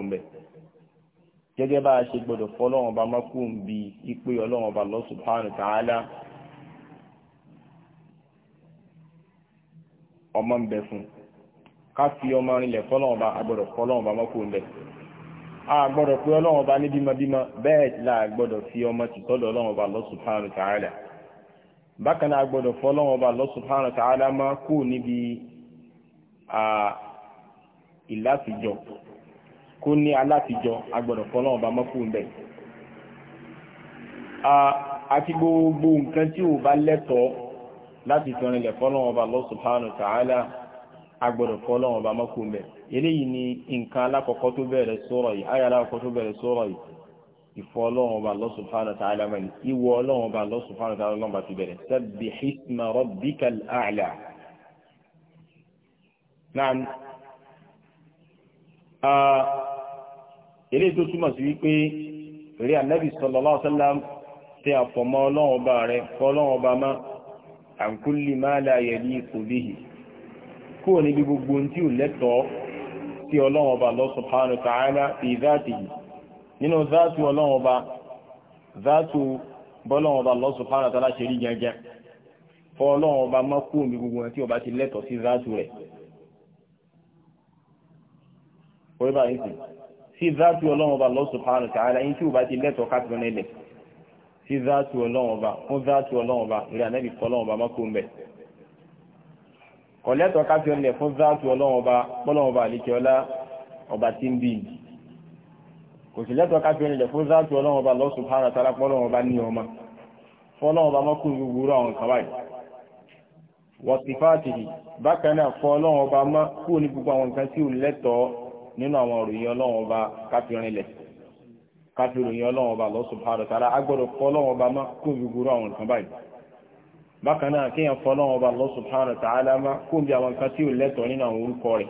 gẹ́gẹ́ bá a ṣe gbọ́dọ̀ ọba ọmọ ń bẹ fún ká fi ọmọ rinlẹ̀ fọ́lọ́run ọba a gbọ́dọ̀ pé ọlọ́run ọba ní bẹ́ẹ̀ la gbọ́dọ̀ fi ọmọ tìtọ́lọ̀ ọlọ́run ọba Allah subhanahu wa ta'ala bákan fọ́ ọlọ́run ọba Allah subhanahu wa ta'ala kú níbi ìlàfijọ́ ní a fọ́ ọlọ́run ọba máa kú àti gbogbo nǹkan tí ò bá lẹ́tọ̀ọ́ láti tọrin lẹ̀ fọ́ ọlọ́run ọba Allah subhanahu fọ́ kú eléyìí ni nǹkan alákọ̀ọ́kọ́ tó bẹ̀rẹ̀ sọ̀rọ̀ yìí ayé alákọ̀ọ́kọ́ tó bẹ̀rẹ̀ sọ̀rọ̀ yìí ìfọ̀ ọlọ́run ọba Allah subhanahu wa ta'ala mẹ́ni ìwọ ọlọ́run ọba Allah subhanahu wa ta'ala ọlọ́run bá ti bẹ̀rẹ̀ sabbih isma rabbikal a'la. naam eléyìí tó túmọ̀ sí wípé rí anabi sallallahu alaihi tẹ àfọ̀mọ́ ọlọ́run ọba rẹ fọ́ ọlọ́run ọba sí ọlọ́run ọba Allah subhanahu wa ta'ala fi dhatihi nínú záàtù ọlọ́run ọba záàtù bọ́lọ́run ọba Allah subhanahu wa ta'ala ṣe rí gẹ́gẹ́ fọ́ ọlọ́run ọba má kú omi gbogbo tí ọba ti lẹ́tọ̀ọ́ sí záàtù rẹ̀ orí bá yìí sí záàtù ọlọ́run ọba Allah subhanahu wa ta'ala yìí tí ọba ti lẹ́tọ̀ọ́ káàkiri nílẹ̀ sí záàtù ọlọ́run ọba fún záàtù ọlọ́run ọba rí ànẹ́bì fọ́ ọlọ́run ọba má kú omi kọ̀lẹ́tọ̀ ká fi ọlẹ̀ fún záàtù ọlọ́wọ́ba àlíkẹ́ ọlá ọba tí ń bí kò sì lẹ́tọ̀ ká ọlẹ̀ fún záàtù ọlọ́wọ́ba Allah subhanahu pọ́lọ́wọ́ba ní ọmọ fọ́lọ́wọ́ba mọ́kùnrin gbogbo àwọn bákan náà fọ́lọ́wọ́ba kú ní gbogbo àwọn nǹkan tí ò bákan náà kéèyàn fọlọ́wọ́n ọba Allah subhanahu wa ta'ala kó bí àwọn nǹkan tí ò lẹ́tọ̀ọ́ nínú àwọn orúkọ rẹ̀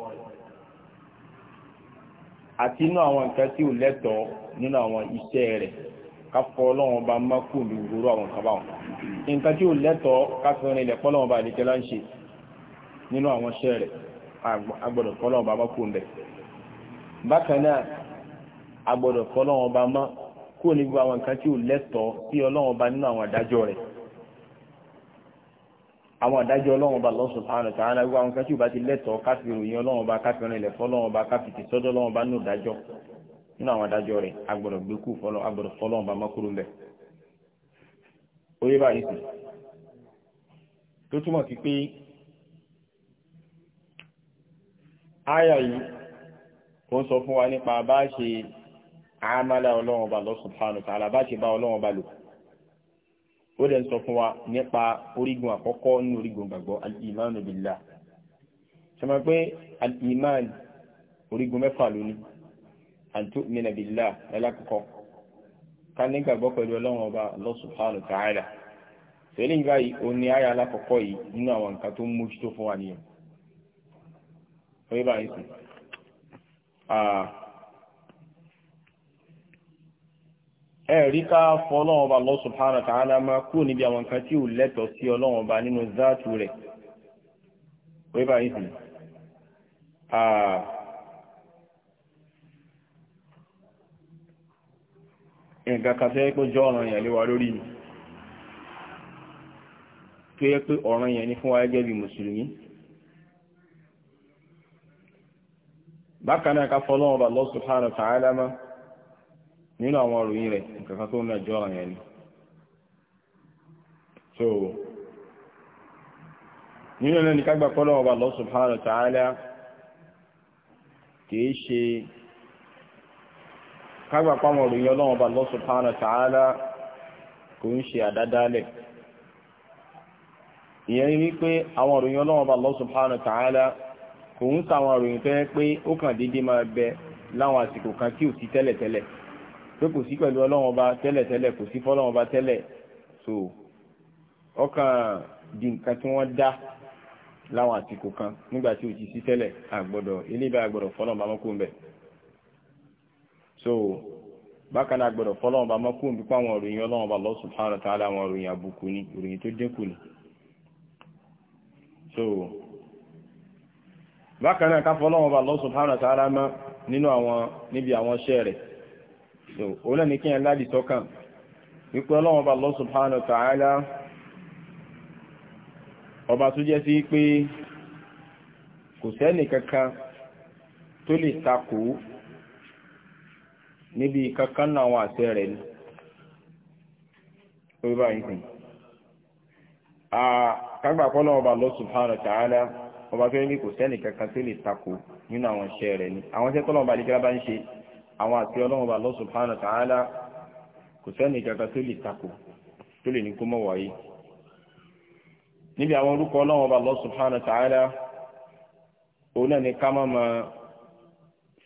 àti inú àwọn nǹkan tí ò lẹ́tọ̀ọ́ nínú àwọn iṣẹ́ rẹ̀ ọba má kó bí òwúrò àwọn nǹkan báwọn nǹkan tí ò ilẹ̀ ọba àdìjẹ́ lá ṣe nínú àwọn iṣẹ́ rẹ̀ ọba kó bẹ̀ bákan náà ọba àwọn àdájọ́ ọlọ́run ọba Allah subhanahu wa ta'ala wíwá àwọn kátì òbá ti lẹ́tọ̀ọ́ káfí ròyìn ọlọ́run ọba káfí rìn ilẹ̀ fọlọ́run ọba káfí ti sọ́dọ̀ ọlọ́run ọba nínú ìdájọ́ nínú àwọn àdájọ́ rẹ̀ agbọ̀dọ̀ gbé kú fọlọ́ agbọ̀dọ̀ fọlọ́run ọba mọ́kúrú ń bẹ̀. oyè báyìí sì tó túmọ̀ sí pé áyà yìí ó ń sọ fún wa nípa bá ṣe àmàlà ọlọ́run subhanahu wa ta'ala bá ṣe bá ọlọ́run ọba lò ó dẹ̀ ń sọ fún wa nípa orígun àkọ́kọ́ ní orígun gbàgbọ́ al-imanu billah sọmọ pé al-iman orígun mẹ́fà lónìí an tu'mina billah lálákọ̀ọ́kọ́ ká nígbàgbọ́ pẹ̀lú ọlọ́run ọba Allah subhanahu wa ta'ala tẹ̀lé ìgbà yìí ó ní àyà alákọ̀ọ́kọ́ yìí nínú àwọn nǹkan tó ń mójútó fún wa nìyẹn. Oyè báyìí sùn. Ah, ẹ̀rí ká fọ ọlọ́run ọba Allah subhanahu wa ta'ala máa kúrò níbi àwọn nǹkan tí ò lẹ́tọ̀ọ́ sí ọlọ́run ọba nínú záàtù rẹ̀ wọ́n bá yìí sìn nǹkan kan fẹ́ pé jọ ọ̀ràn yẹn lé wa lórí mi tó yẹ pé ọ̀ràn yẹn ni fún wa gẹ́gẹ́ bí mùsùlùmí bákan náà ká ọlọ́run nínú àwọn òròyìn rẹ̀ nǹkan tó ń náà jọ́ra ni. so nínú ẹ̀rọ ní kágbà pọ́lọ́ ọba Allah subhanahu wa kìí ṣe kágbà pàmò òròyìn ọlọ́run ọba kò ń ṣe àdádálẹ̀ ìyẹn ni wípé àwọn òròyìn ọlọ́run ọba Allah subhanahu kò ń sàwọn òròyìn tó pé ó kàn máa bẹ láwọn àsìkò kan ò sí tẹ́lẹ̀tẹ́lẹ̀. pé kò sí pẹ̀lú ọlọ́run ọba tẹ́lẹ̀ tẹ́lẹ̀ kò sí fọ́lọ́run ọba tẹ́lẹ̀ so ọkàn di nǹkan tí wọ́n dá láwọn àsìkò kan nígbà tí ò ti sí tẹ́lẹ̀ àgbọ̀dọ̀ eléyìí bá àgbọ̀dọ̀ fọ́lọ́run ọba mọ́kù mbẹ̀ so bákan náà àgbọ̀dọ̀ fọ́lọ́run ọba mọ́kù mbí pa àwọn òròyìn ọlọ́run ọba Allah subhanahu wa ta'ala àwọn òròyìn àbùkù ni òròyìn tó dínkù ni so bákan náà ká fọ́lọ́run ọba Allah subhanahu wa ta'ala mọ́ nínú àwọn níbi àwọn iṣẹ́ rẹ̀ so òun náà ní kí yẹn láti tọ́kàn wípé ọlọ́run ọba Allah subhanahu wa ta'ala ọba tó jẹ́ sí pé kò sẹ́ni kankan tó lè takò níbi kankan náà àwọn àṣẹ rẹ̀ ni ó bá yìí sìn kagbà pọ́lọ́ ọba Allah subhanahu wa ta'ala ọba tó ní kò sẹ́ni kankan tó lè takò nínú àwọn iṣẹ́ rẹ̀ ni àwọn iṣẹ́ tọ́lọ́ ọba lè jẹ́ bá àwọn àti ọlọ́run bá Allah subhanahu wa ta'ala kò sẹ́ni kankan tó lè takò tó lè ní kó mọ̀ wáyé níbi àwọn orúkọ ọlọ́run bá Allah subhanahu wa ta'ala òun náà ni ká má máa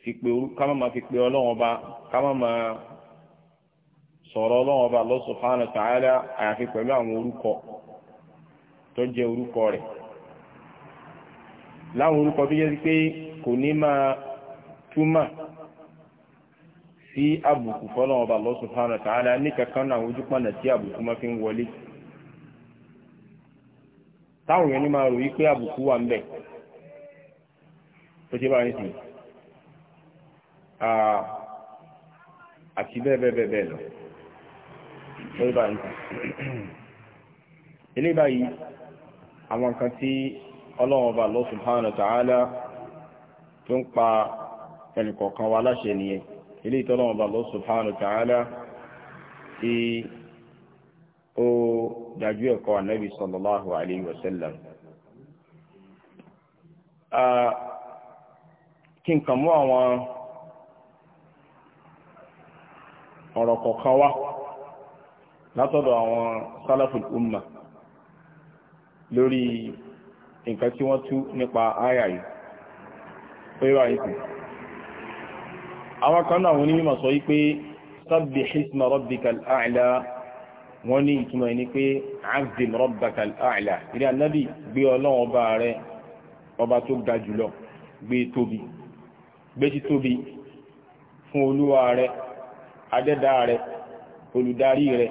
fi pe ká má máa fi pe ọlọ́run bá ká má máa sọ̀rọ̀ ọlọ́run bá Allah subhanahu wa àyàfi pẹ̀lú àwọn orúkọ tó jẹ́ orúkọ rẹ̀ láwọn orúkọ tó jẹ́ sí pé kò ní máa túmọ̀ sí àbùkù fọ́lọ́wọ́n bá Allah subhanahu wa ní kankan náà ojú pọ̀nà tí fi ń wọlé táwọn èèyàn ní máa rò wípé àbùkù wà ń bẹ̀ tó bá ń sìn àti bẹ́ẹ̀ bẹ́ẹ̀ bẹ́ẹ̀ lọ bá ilé báyìí àwọn nǹkan tí ilé ìtọ́lọ́wọ́n bá Allah subhanahu wa ta'ala tí ó dájú ẹ̀kọ́ ànábì sallallahu alayhi wa sallam. kí n kàn mú àwọn ọ̀rọ̀ kọ̀ọ̀kan wá látọ̀dọ̀ àwọn salaful umma lórí nǹkan tí wọ́n tú nípa áyà yìí. Pé wáyé sùn àwọn kan náà wọn ní mímọ̀ sọ wípé sabbih isma rabbikal a'la wọ́n ní ìtumọ̀ ní pé azim rabbakal a'la ilé anábì gbé ọlọ́run ọba rẹ ọba tó ga jùlọ gbé tóbi gbé sí tóbi fún olúwa rẹ adẹ́dá rẹ olùdarí rẹ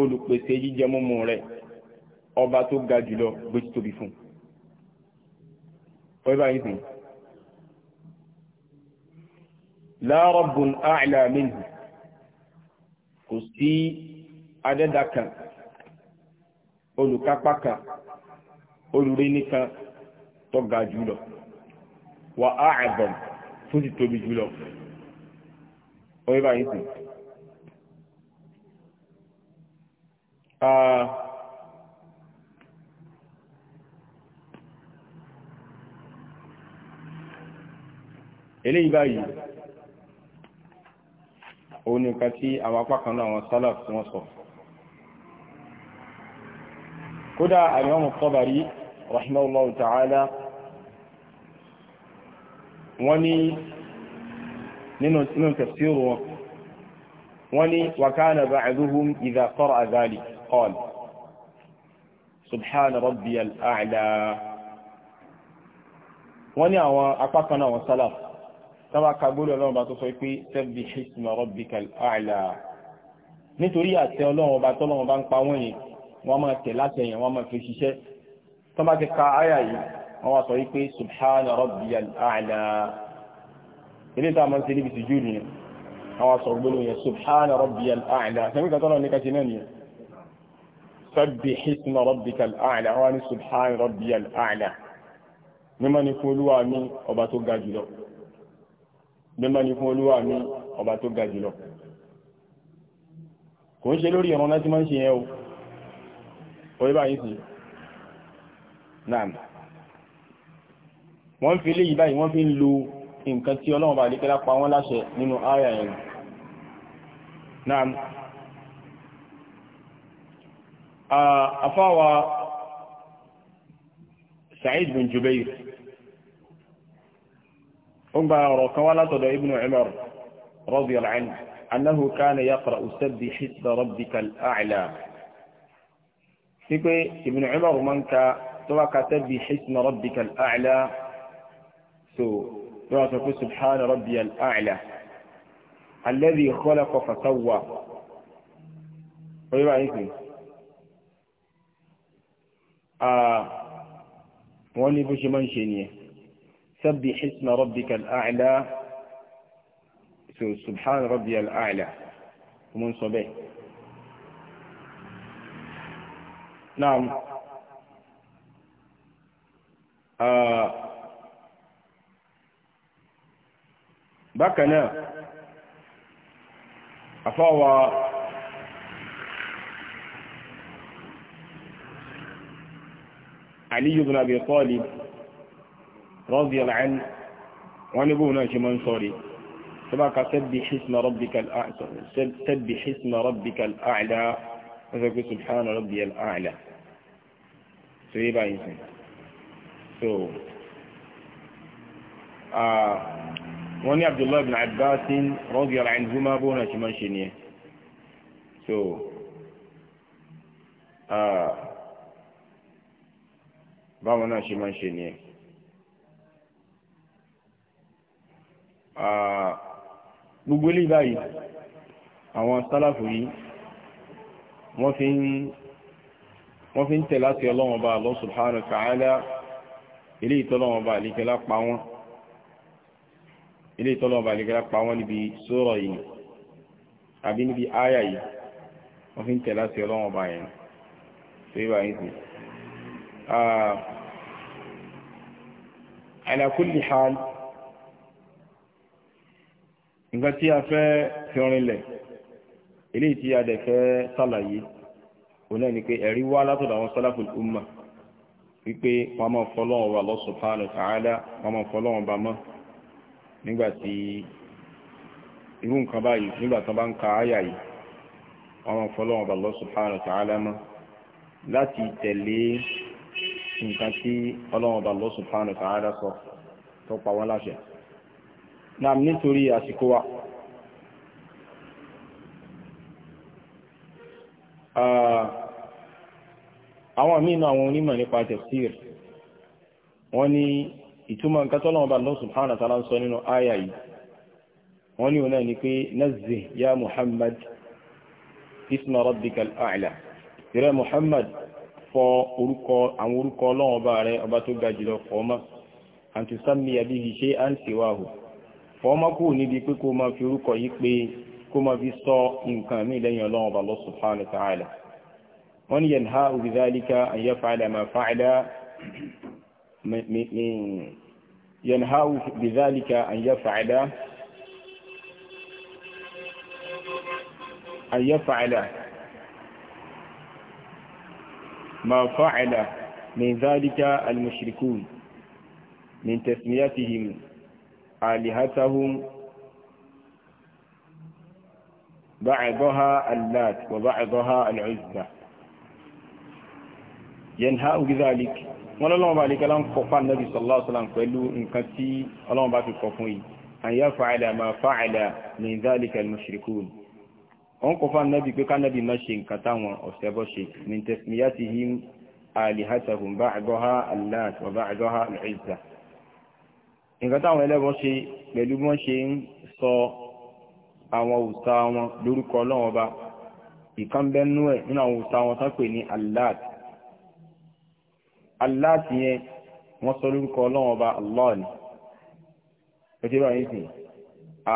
olùpèsè jíjẹ mímu rẹ ọba tó ga jùlọ gbé sí tóbi fún. wọ́n bá yín sìn la rabbun a'la minhu kò sí adẹ́dà kan olùkápá kan olùrẹ́ni kan tó ga jùlọ wà a'zam tó sì tóbi jùlọ orí báyìí sí eléyìí báyìí òun ni nǹkan tí àwọn apá kan náà àwọn salaf tí wọ́n sọ kódà àmọ́ Tabari rahimahullahu ta'ala wọ́n ní nínú tafsiru wọn wọ́n ní wa kana ba'duhum idha qara'a dhalika qala subhana rabbiyal a'la wọ́n ní àwọn apá náà àwọn salaf tọ́wọ́ kagbóló ọlọ́run bá tó sọ pé sẹ́bi hisma rabbika al-a'la nítorí àtẹ ọlọ́run ọba tọ́lọ́run bá ń pa wọ́n yẹn wọ́n máa tẹ̀ látẹ̀yìn wọ́n máa fi ṣiṣẹ́ tọ́ bá ti ka àyà yìí wọ́n wá sọ wípé subhana rabbiya al ilé tá a máa ń ṣe níbi tìjú nìyẹn àwọn sọ gbólóhùn yẹn subhana rabbiya al sẹ́mi kan tọ́lọ́ mímọ́ ni fún olúwa mi ọba tó ga jùlọ kò ń ṣe lórí ìran láti máa ń ṣe yẹn o orí báyìí sí náà wọ́n fi léyìí báyìí wọ́n fi ń lo nǹkan tí ọlọ́run bá lékẹ́lá pa wọ́n láṣẹ nínú ààrẹ ẹ̀yìn náà ah, afáwa Sa'id bin Jubair ń gba ọ̀rọ̀ kan wá látọ̀dọ̀ ibn umar radiyallahu anhu annahu kana yaqra'u sabbih hisba rabbikal a'la wípé ibn umar máa ń ka tó bá ka sabbih hisba rabbikal a'la so tó bá sọ pé subhana rabbiyal a'la alladhi khalaqa fasawwa orí báyìí sí ah, wọ́n ní bó ṣe máa ń ṣe nìyẹn سبح اسم ربك الأعلى سبحان ربي الأعلى ومن صبيه نعم آه. بكنا أفاوى علي بن أبي طالب radiyallahu anhu wọ́n ní bóun náà ṣe máa ń sọ rí tó bá ka sabbih isma rabbikal a'la wọ́n sọ pé subhana tó yé báyìí sìn so wọ́n ní abdullahi ibn abbas radiyallahu anhuma bóun náà ṣe máa ń ṣe nìyẹn so báwọn náà ṣe máa ń ṣe nìyẹn. gbogbo ilé báyìí àwọn sálàfù yìí wọ́n fi ń tẹ̀ láti ọlọ́wọ́n bá Allah subhanahu wa ta'ala ilé ìtọ́lọ́wọ́n bá àlíkẹ́lá pa wọ́n ilé ìtọ́lọ́wọ́n bá àlíkẹ́lá pa wọ́n níbi sura yìí àbí níbi áyà yìí wọ́n fi ń tẹ̀ láti ọlọ́wọ́n bá yẹn tó yẹ báyìí sí. ala nǹkan tí a fẹ́ fi rinlẹ̀ eléyìí tí a dẹ̀ fẹ́ sàlàyé òun náà ni pé ẹ̀rí wá látọ̀dọ̀ àwọn sálàfù umma wípé wọn máa fọlọ́wọ́n wa lọ́sọ̀ fáàlù tààlà wọn máa fọlọ́wọ́n ba mọ́ nígbà tí irú nǹkan báyìí nígbà tí wọn bá ń ka àyà yìí wọn máa fọlọ́wọ́n ba lọ́sọ̀ fáàlù tààlà mọ́ láti tẹ̀lé nǹkan tí ọlọ́wọ́n ba lọ́sọ̀ fáàlù tààlà sọ tó pa wọn láṣẹ nam nítorí àsìkò wa ah, àwọn mínú àwọn onímọ̀ nípa tafsir wọ́n ní ìtumọ̀ nǹkan tọ́lọ̀ ọba Allah subhanahu wa ta'ala ń sọ nínú àyà yìí wọ́n ní òun náà ni pé nazzih ya Muhammad isma rabbikal a'la ìrẹ́ Muhammad fọ orúkọ àwọn orúkọ ọlọ́run ọba rẹ ọba tó ga fọ́ mọ́ an tusammiya bihi shay'an siwahu fọ́ọ́mọ́kù níbi pé kó máa fi orúkọ yí pé kó máa fi sọ nǹkan mí lẹ́yìn ọlọ́run ọba Allah subhanahu wa ta'ala wọ́n ní yanha'u bidhalika an yaf'ala ma fa'ala yanha'u bidhalika an yaf'ala an yaf'ala ma fa'ala min dhalika al ti min mu. آلهتهم بعضها اللات وبعضها العزة ينهاء بذلك wọ́n lọ́wọ́ bá lékẹ́lá ń kọfà náàbì sọ́lọ́sọ́lá pẹ̀lú nǹkan tí ọlọ́wọ́ bá fi kọ fún yìí an yá fa'ala ma fa'ala ní ìdálìkà al-mushrikun wọ́n kọfà náàbì pé ká náàbì má ṣe nǹkan táwọn ọ̀sẹ̀bọ̀ ṣe min tasmiyatihim alihatahum ba'daha allat wa ba'daha al-izza nǹkan táwọn ẹlẹ́bọ ṣe pẹ̀lú bí wọ́n ṣe ń sọ àwọn òòṣà wọn lórúkọ ọlọ́run ọba ìkánbẹ́nú ẹ̀ nínú àwọn òòṣà wọn tán pè ní allat allat yẹn wọ́n sọ lórúkọ ọlọ́run ọba allah ni ó ti báyìí sìn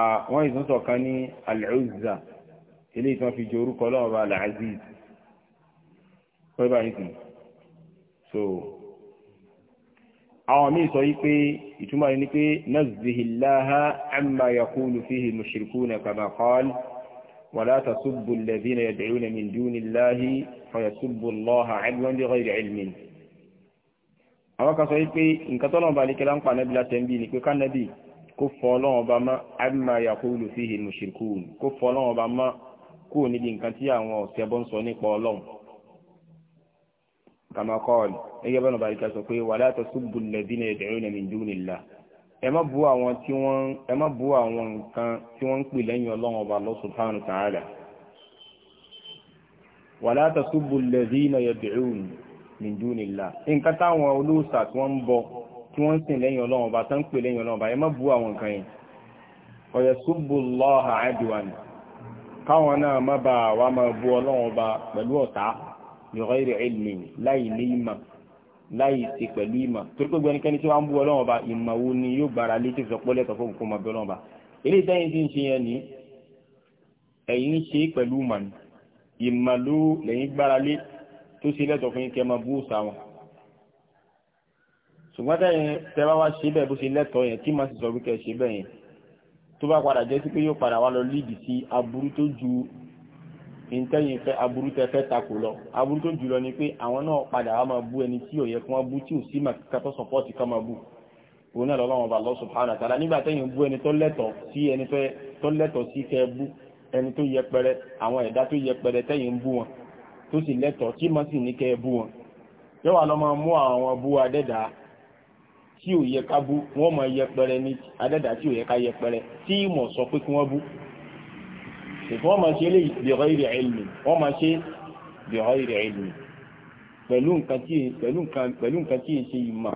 àwọn ìtúnsọ̀ kan ní al-Uzza ilé ìtàn fi jẹ orúkọ ọlọ́run ọba al-Aziz ó ti báyìí sìn so àwọn míì sọ wípé ìtumọ̀ ni pé nazihillaha amma yaqulu fihi mushrikuna kama qala wala tasubbu alladhina yad'una min dunillahi fayasubbu allaha adwan bighayri ilmin àwọn kan sọ wípé nǹkan tọ́lọ́ ọba àlekẹ́lá ń pa nábì láti ẹ̀mí kama kọ́ọ̀l ẹgbẹ́ bá nàbàrí ká sọ pé ẹ má àwọn nǹkan tí ń pè ọba wa ta'ala wala tasubbu alladhina yad'una min dunillah nǹkan táwọn olóòṣà tí wọ́n ń bọ tí ń sìn ọba tán ń pè lẹ́yìn ọlọ́run ọba ẹ má bú àwọn nǹkan yẹn wa yasubbu Allaha adwan káwọn náà má bàa wá máa bú ọlọ́run ọba pẹ̀lú ọ̀tá bighairi ilmi láì ní ìmọ̀ láì ṣe pẹ̀lú ìmọ̀ torí pé gbẹnikẹ́ni tí wọ́n ń bú ọlọ́run ọba ìmọ̀ wo ni yóò gbára lé tí ìfisọpọ̀ lẹ́tọ̀ fún òkun ọmọ ọlọ́run ọba eré ìtẹ́yìn tí ń ṣe yẹn ni ẹ̀yin ń ṣe pẹ̀lú ìmọ̀ ni ìmọ̀ ló lẹ́yìn gbára lé tó ṣe lẹ́tọ̀ fún kẹ́ máa bú òòṣà wọn ṣùgbọ́n tẹ́yìn tẹ́ bá wá ṣe bẹ́ẹ̀ bó ṣe lẹ́tọ̀ yẹn tí màá sì sọ wíkẹ́ ju ìntẹ́yìn fẹ́ aburú tẹ fẹ́ takò lọ aburú tó jùlọ ni pé àwọn náà padà wá máa bú ẹni tí ò yẹ kí bú tí ò sí màkà sọpọ́ọ̀tì ká máa bú òun náà lọ́wọ́ bá Allah subhanahu wa ta'ala nígbà tẹ́yìn bú ẹni tó lẹ́tọ̀ọ́ sí ẹni tó lẹ́tọ̀ọ́ sí kẹ́ bú ẹni tó yẹpẹrẹ àwọn ẹ̀dá tó yẹpẹrẹ tẹ́yìn bú wọn tó sì lẹ́tọ̀ọ́ tí mọ́ sì ní kẹ́ bú wọn yóò wà lọ́mọ mú àwọn bú adẹ́dà tí ò yẹ ká bú wọ́n mọ yẹpẹrẹ ní adẹ́dà tí ò yẹ ká tí mọ̀ sọ pé kí wọ́n bú ṣùgbọ́n wọ́n máa ṣe lè bẹ̀rọ ìrẹ̀ ẹ̀lì wọ́n máa ṣe bẹ̀rọ ìrẹ̀ ẹ̀lì pẹ̀lú nǹkan tí è ṣe ìmà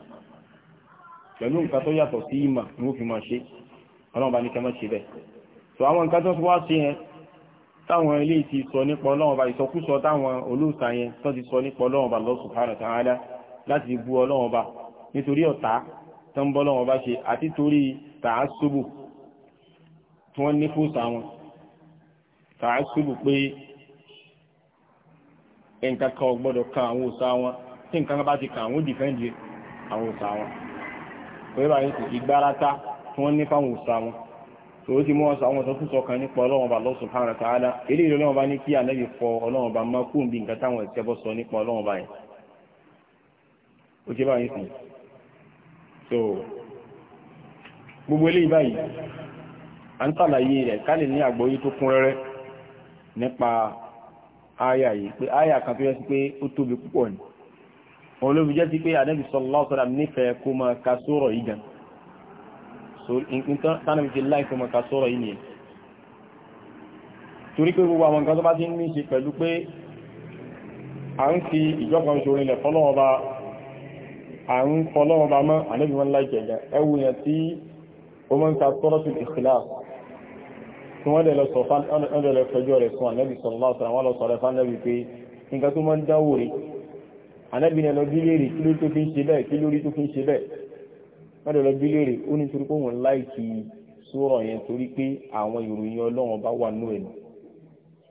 pẹ̀lú nǹkan tó yàtọ̀ sí ìmà ni ó fi máa ṣe ọlọ́run bá ní kẹ́mọ́ ṣe bẹ́ẹ̀ so àwọn nǹkan tó wá sí yẹn táwọn ilé ti sọ nípa ọlọ́run bá ìsọkúsọ táwọn olóòsà yẹn tó ti sọ nípa ọlọ́run bá Allah subhanahu wa ta'ala láti bu ọlọ́run bá nítorí ọ̀tá tó ń bọ́ ọlọ́run bá ṣe àti torí tàá tí wọ́n ní fóòsà wọn tààsùbù pé nǹkan kan gbọ́dọ̀ kan àwọn òòṣà wọn tí nǹkan kan bá ti kan àwọn dìfẹ́ǹdì àwọn òòṣà wọn pé bá yẹn sì fi gbárata tí wọ́n ní fáwọn òòṣà wọn tó ti mú ọ̀sà àwọn ọ̀sọ́kùsọ kan nípa ọlọ́run bá lọ́sùn fáwọn tààlà eré ìlú ọlọ́run bá ní kí ànábì fọ ọlọ́run bá máa kúùn nǹkan táwọn ìṣẹ́bọ̀ sọ nípa ọlọ́run yẹn ó ti bá yẹn sìn so gbogbo eléyìí báyìí à ń tàlàyé rẹ̀ ká lè ní àgbọ́yé tó kún rẹ́rẹ́ nípa àyà yìí pé àyà kan tó yẹ sí pé ó tóbi púpọ̀ ni òun ló fi jẹ́ sí pé ànábì sallallahu nífẹ̀ẹ́ kó máa ka sóòrọ̀ yìí gan so nǹkan tánàbí ti láì kó máa ka sóòrọ̀ yìí nìyẹn torí pé gbogbo àwọn nǹkan tó bá ti ń ní ṣe pẹ̀lú pé a ń fi ìjọkan ṣorin lẹ̀ fọ́lọ́ọba a ń fọ́lọ́ọba mọ́ ànábì wọn láì jẹ̀gẹ̀ ẹwù yẹn tí ó mọ́ ń ka sọ́rọ́tù ìkìláàsì tí wọ́n dẹ̀ lọ sọ fẹ́jọ́ rẹ̀ fún ànábì sallallahu alaihi wasallam wọ́n lọ sọ̀rọ̀ fún ànábì pé nǹkan tó máa ń dáwò rí ànábì náà lọ bí léèrè kí ló tó fi ń ṣe bẹ́ẹ̀ kí lórí tó fi ń ṣe bẹ́ẹ̀ wọ́n dẹ̀ lọ bí léèrè ó ní torí pé òun láìkì sóòrọ̀ yẹn torí pé àwọn ìròyìn ọlọ́run bá wà nú ẹ̀ nù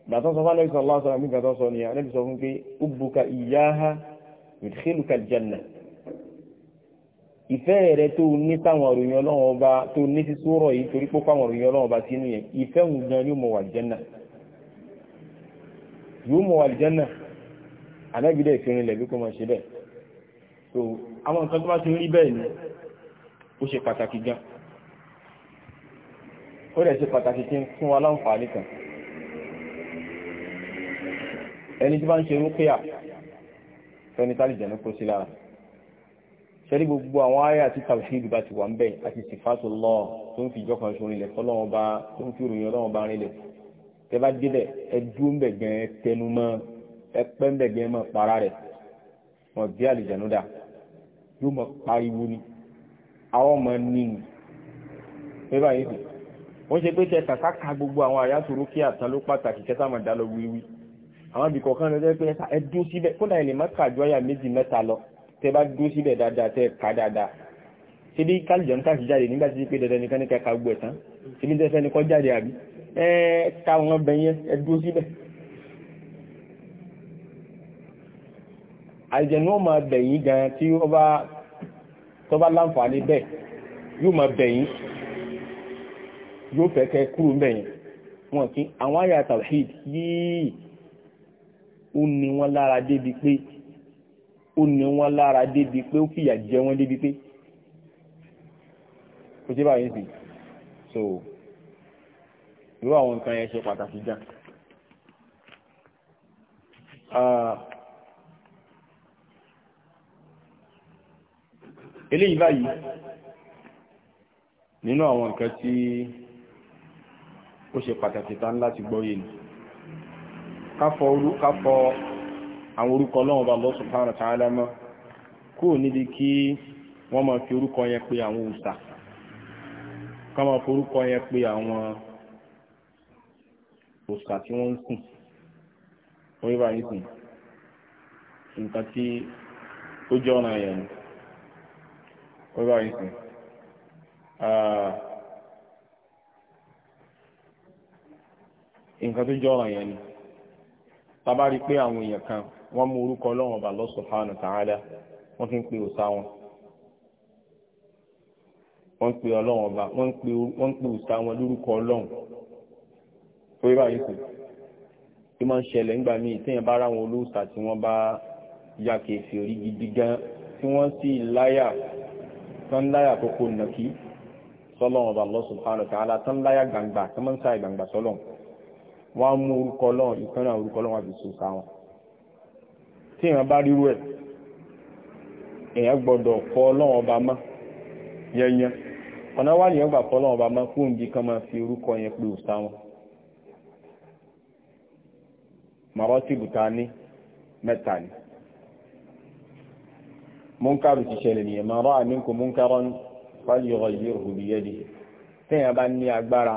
gbàtọ́ sọ fún ànábì sallallahu alaihi wasallam mi gbàtọ́ sọ ni ànábì sọ fún pé ó buka ìyáha yudkhiluka aljanna ìfẹ́ rẹ tó ní sáwọn òròyìn ọlọ́run ọba tó ní sí sórọ̀ yìí torí pé fáwọn òròyìn ọlọ́run ọba sínú yẹn ìfẹ́ òun gan yóò mọ̀ wà lìjẹ́nà yóò mọ̀ wà lìjẹ́nà anábìdẹ̀ ìfẹ́rin lẹ̀ wípé wọ́n ṣe bẹ́ẹ̀ so àwọn nǹkan tó bá ti rí bẹ́ẹ̀ ni ó ṣe pàtàkì gan ó dẹ̀ ṣe pàtàkì kí n fún wa láǹfààní kan ẹni tí bá ń ṣe rúkúyà fẹ́ni tálìjẹ̀ ní kó sí lára sẹ́rí gbogbo àwọn ayé àti tawhid bá ti wà ń bẹ̀ àti sifatullah tó ń fi ìjọ kan sórin ilẹ̀ fọlọ́wọ́n bá tó ń fi ìròyìn ọlọ́wọ́n bá rinlẹ̀ tẹ́ bá débẹ̀ ẹ dúró ń bẹ̀ gan ẹ tẹnu mọ́ ẹ pẹ́ ń bẹ̀ gan ẹ mọ́ para rẹ̀ wọn bí àlìjánu dà yóò mọ pariwo ni àwọn ọmọ ní ni pé báyìí sì wọ́n ṣe pé tẹ kàkà ka gbogbo àwọn àyà tó rókè àtàn ló pàtàkì kẹta mọ̀ dá lọ wíwí àwọn ibì kọ̀ọ̀kan lọ jẹ́ pé ẹ síbẹ̀ kódà ẹ lè má kàjọ àyà méjì mẹ́ta lọ tẹ bá dúró síbẹ̀ dáadáa tẹ ká dáadáa ṣe bí kálíjọ́n káàkiri jáde nígbà tí pé dandan nìkan ní kẹka gbọ́ ẹ̀tán ṣe bí tẹ́fẹ́ ní kọ́ jáde àbí ẹ ká wọn bẹ yẹn ẹ dúró síbẹ̀. àìjẹ̀nú ọmọ bẹ̀yìn gan tí ó bá tó bá láǹfààní bẹ́ẹ̀ yóò máa bẹ̀yìn yóò fẹ́ kẹ kúrò bẹ̀yìn wọn kí àwọn àyà tàwíìd yìí ó ní wọn lára débi pé ó ní wọn lára débi pé ó fìyà jẹ wọn débi pé kò tí báyìí sì so irú àwọn nǹkan yẹn ṣe pàtàkì gan. eléyìí báyìí nínú àwọn nǹkan tí ó ṣe pàtàkì tá ńlá ti gbọ́ yìí ni ká fọ àwọn orúkọ ọlọ́run ọba Allah subhanahu wa ta'ala mọ́ kó níbi kí wọ́n máa fi orúkọ yẹn pé àwọn òòṣà ká máa forúkọ yẹn pé àwọn òòṣà tí wọ́n ń sìn wọ́n yóò bá yín sìn nǹkan tí ó jẹ́ ọ̀nà yẹn ni wọ́n yóò bá sìn. nǹkan tó jẹ́ ọ̀ràn yẹn ni tá bá rí pé kan wọ́n mú orúkọ ọlọ́run ọba Allah subhanahu wa ta'ala wọ́n fi ń pe òòṣà wọn wọ́n ń pe ọlọ́run ọba wọ́n ń pe òòṣà wọn lórúkọ ọlọ́run tó yẹ báyìí kù tí máa ń ṣẹlẹ̀ ńgbà míì téèyàn bá ráwọn olóòṣà tí wọ́n bá ya kèéfì orí gidi gan tí wọ́n sì láyà tán láyà tó nàkí sọ́lọ́run ọba Allah subhanahu wa ta'ala tán láyà gbàǹgbà tán máa ń sáyà gbàǹgbà sọ́lọ́run wọ́n á mú orúkọ ọlọ́run ìkànnà orúkọ ọlọ́run àbí tí èèyàn bá ríru ẹ̀ èèyàn gbọ́dọ̀ kọ ọlọ́run ọba mọ́ yẹnyẹn ọ̀nà wà nìyẹn gbà kọ ọlọ́run ọba ma fún ìdí kan máa fi orúkọ yẹn pé òsà wọn màrọ́tìbù ta ní mẹ́ta ni ti ṣẹlẹ̀ nìyẹn rọ́ yìí rò bá ní agbára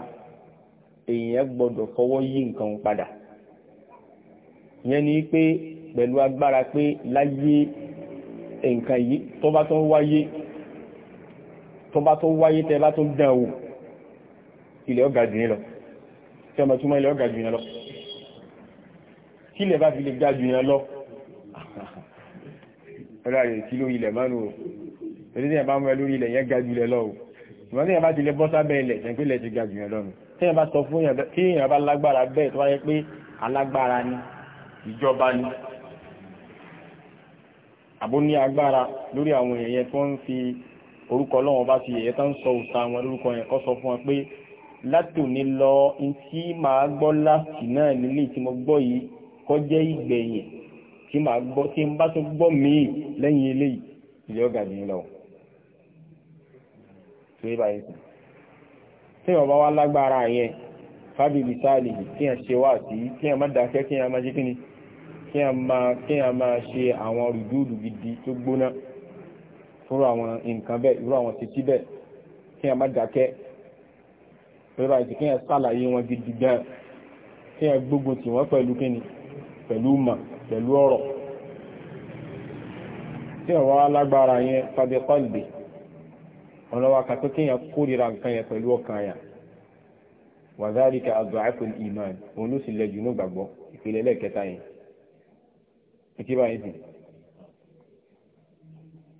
èèyàn gbọ́dọ̀ fọwọ́ yí nǹkan padà yẹn ni pé pẹ̀lú agbára pé láyé nǹkan yìí tó bá tó wáyé tó bá tó wáyé tẹ́ bá tó dán wò ilẹ̀ ọ̀gá jù lọ tí ọmọ túnmọ̀ ilẹ̀ ọ̀gá jù lọ kí ilẹ̀ bá fi lè ga jù lọ ọ̀rá rẹ̀ kí lórí ilẹ̀ mánu o èdè tí ẹ̀bá mọ́ lórí ilẹ̀ yẹn ga jù lọ o ìwọ́n tí ẹ̀bá ti lè bọ́ sábẹ́ ilẹ̀ tẹ́ńpẹ́lẹ̀ ti ga jù lọ nù tí ẹ̀bá sọ fún yàn tí èèyàn bá lágbára bẹ́ẹ̀ tó wáyé pé alágbára ni ìjọba ni àbó ní agbára lórí àwọn èèyàn yẹn tó ń fi orúkọ ọlọ́wọ́n bá fi èèyàn tó ń sọ òòṣà àwọn orúkọ yẹn kọ́ sọ fún wọn pé látòní lọ ntí màá gbọ́ láti náà nílé tí mo gbọ́ yìí kọ́ jẹ́ ìgbẹ̀yìn tí màá gbọ́ tí n bá tó gbọ́ míì lẹ́yìn eléyìí ilé ọ̀gá mi lọ. tí wọ́n bá wá lágbára yẹn fábíbi sáà kí ẹ̀ ṣe wá sí kí ẹ̀ má dákẹ́ kí ẹ̀ má jẹ́ kí ni kí a máa kí a máa ṣe àwọn rìdúùlù gidi tó gbóná fúnra àwọn nǹkan bẹ́ẹ̀ irú àwọn títí bẹ́ẹ̀ kí a má dákẹ́ pẹ̀lú àti kí a sàlàyé wọn gidi gan kí a gbógun tì wọ́n pẹ̀lú kíni pẹ̀lú mà pẹ̀lú ọ̀rọ̀ tí àwọn alágbára yẹn fàbí kọ́lùbì ọ̀nà wa kàtó kí yẹn kórìíra nǹkan yẹn pẹ̀lú ọkàn yà wàzárìkà àdùáfẹ́ ìmàn òun ló sì lẹ́jù ní gbàgbọ́ ìpìlẹ̀ lẹ́ẹ̀kẹta yẹn kìkì báyìí sì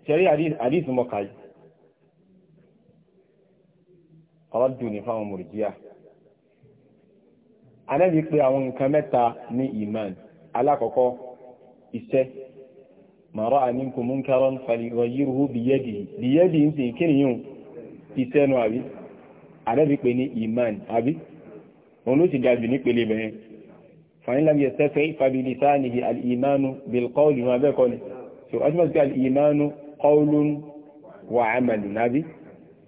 ṣẹ̀rí àdìsí mọ́ka yìí ọlọ́dún ní fáwọn mùrìjíà anẹ́bí pé àwọn nǹkan mẹ́ta ní iman alákọ̀ọ́kọ́ iṣẹ́ màrọ́ àníkù múnkẹ́rọ́n fa yírúhú bìyẹ́dì bìyẹ́dì ń sì kí nìyàn iṣẹ́ nù àbí anẹ́bí pé ní iman àbí òun ló sì ga nípele bẹ̀rẹ̀ fàyín lábí ẹ̀sẹ́fẹ́ ìfàbílì sáàlìhì al'imánu bilkọ́ọ̀lù wọn abẹ́kọ́ ni so ọjọ́ sí al'imánu kọ́ọ̀lùn wà ámàlù náàbí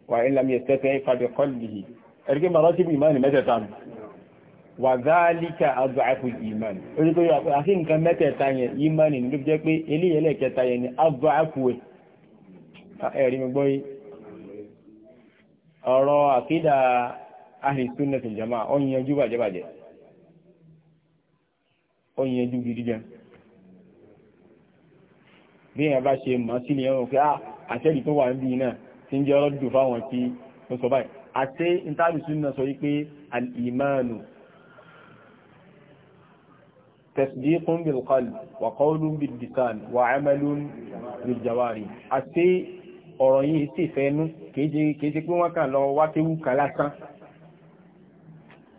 fàyín lábí ẹ̀sẹ́fẹ́ ìfàbíkọ́lìhì ẹ̀rẹ́gbẹ́ marọ́tíbù ìmánu mẹ́tẹ̀ta wà záàlìkà agbáàfù ìmánu orí pé àfi nǹkan mẹ́tẹ̀ta yẹn ìmánu ló jẹ́ pé eléyìí ẹlẹ́kẹta yẹn ni agbáàfù ó yẹnjú gidi gan bí èèyàn bá ṣe mọ̀ sí ilé ẹ̀rọ pé ah, àṣẹ́rì tó wà níbi náà ti ń jẹ́ ọlọ́dún fáwọn tí ó sọ báyìí àti ìtàlùsù náà sọ wípé al-imanu tasdiqun bil qalbi wa qawlun bil àti ọ̀rọ̀ yìí sì fẹ́nu kìí pé wọ́n kàn lọ wá kéwú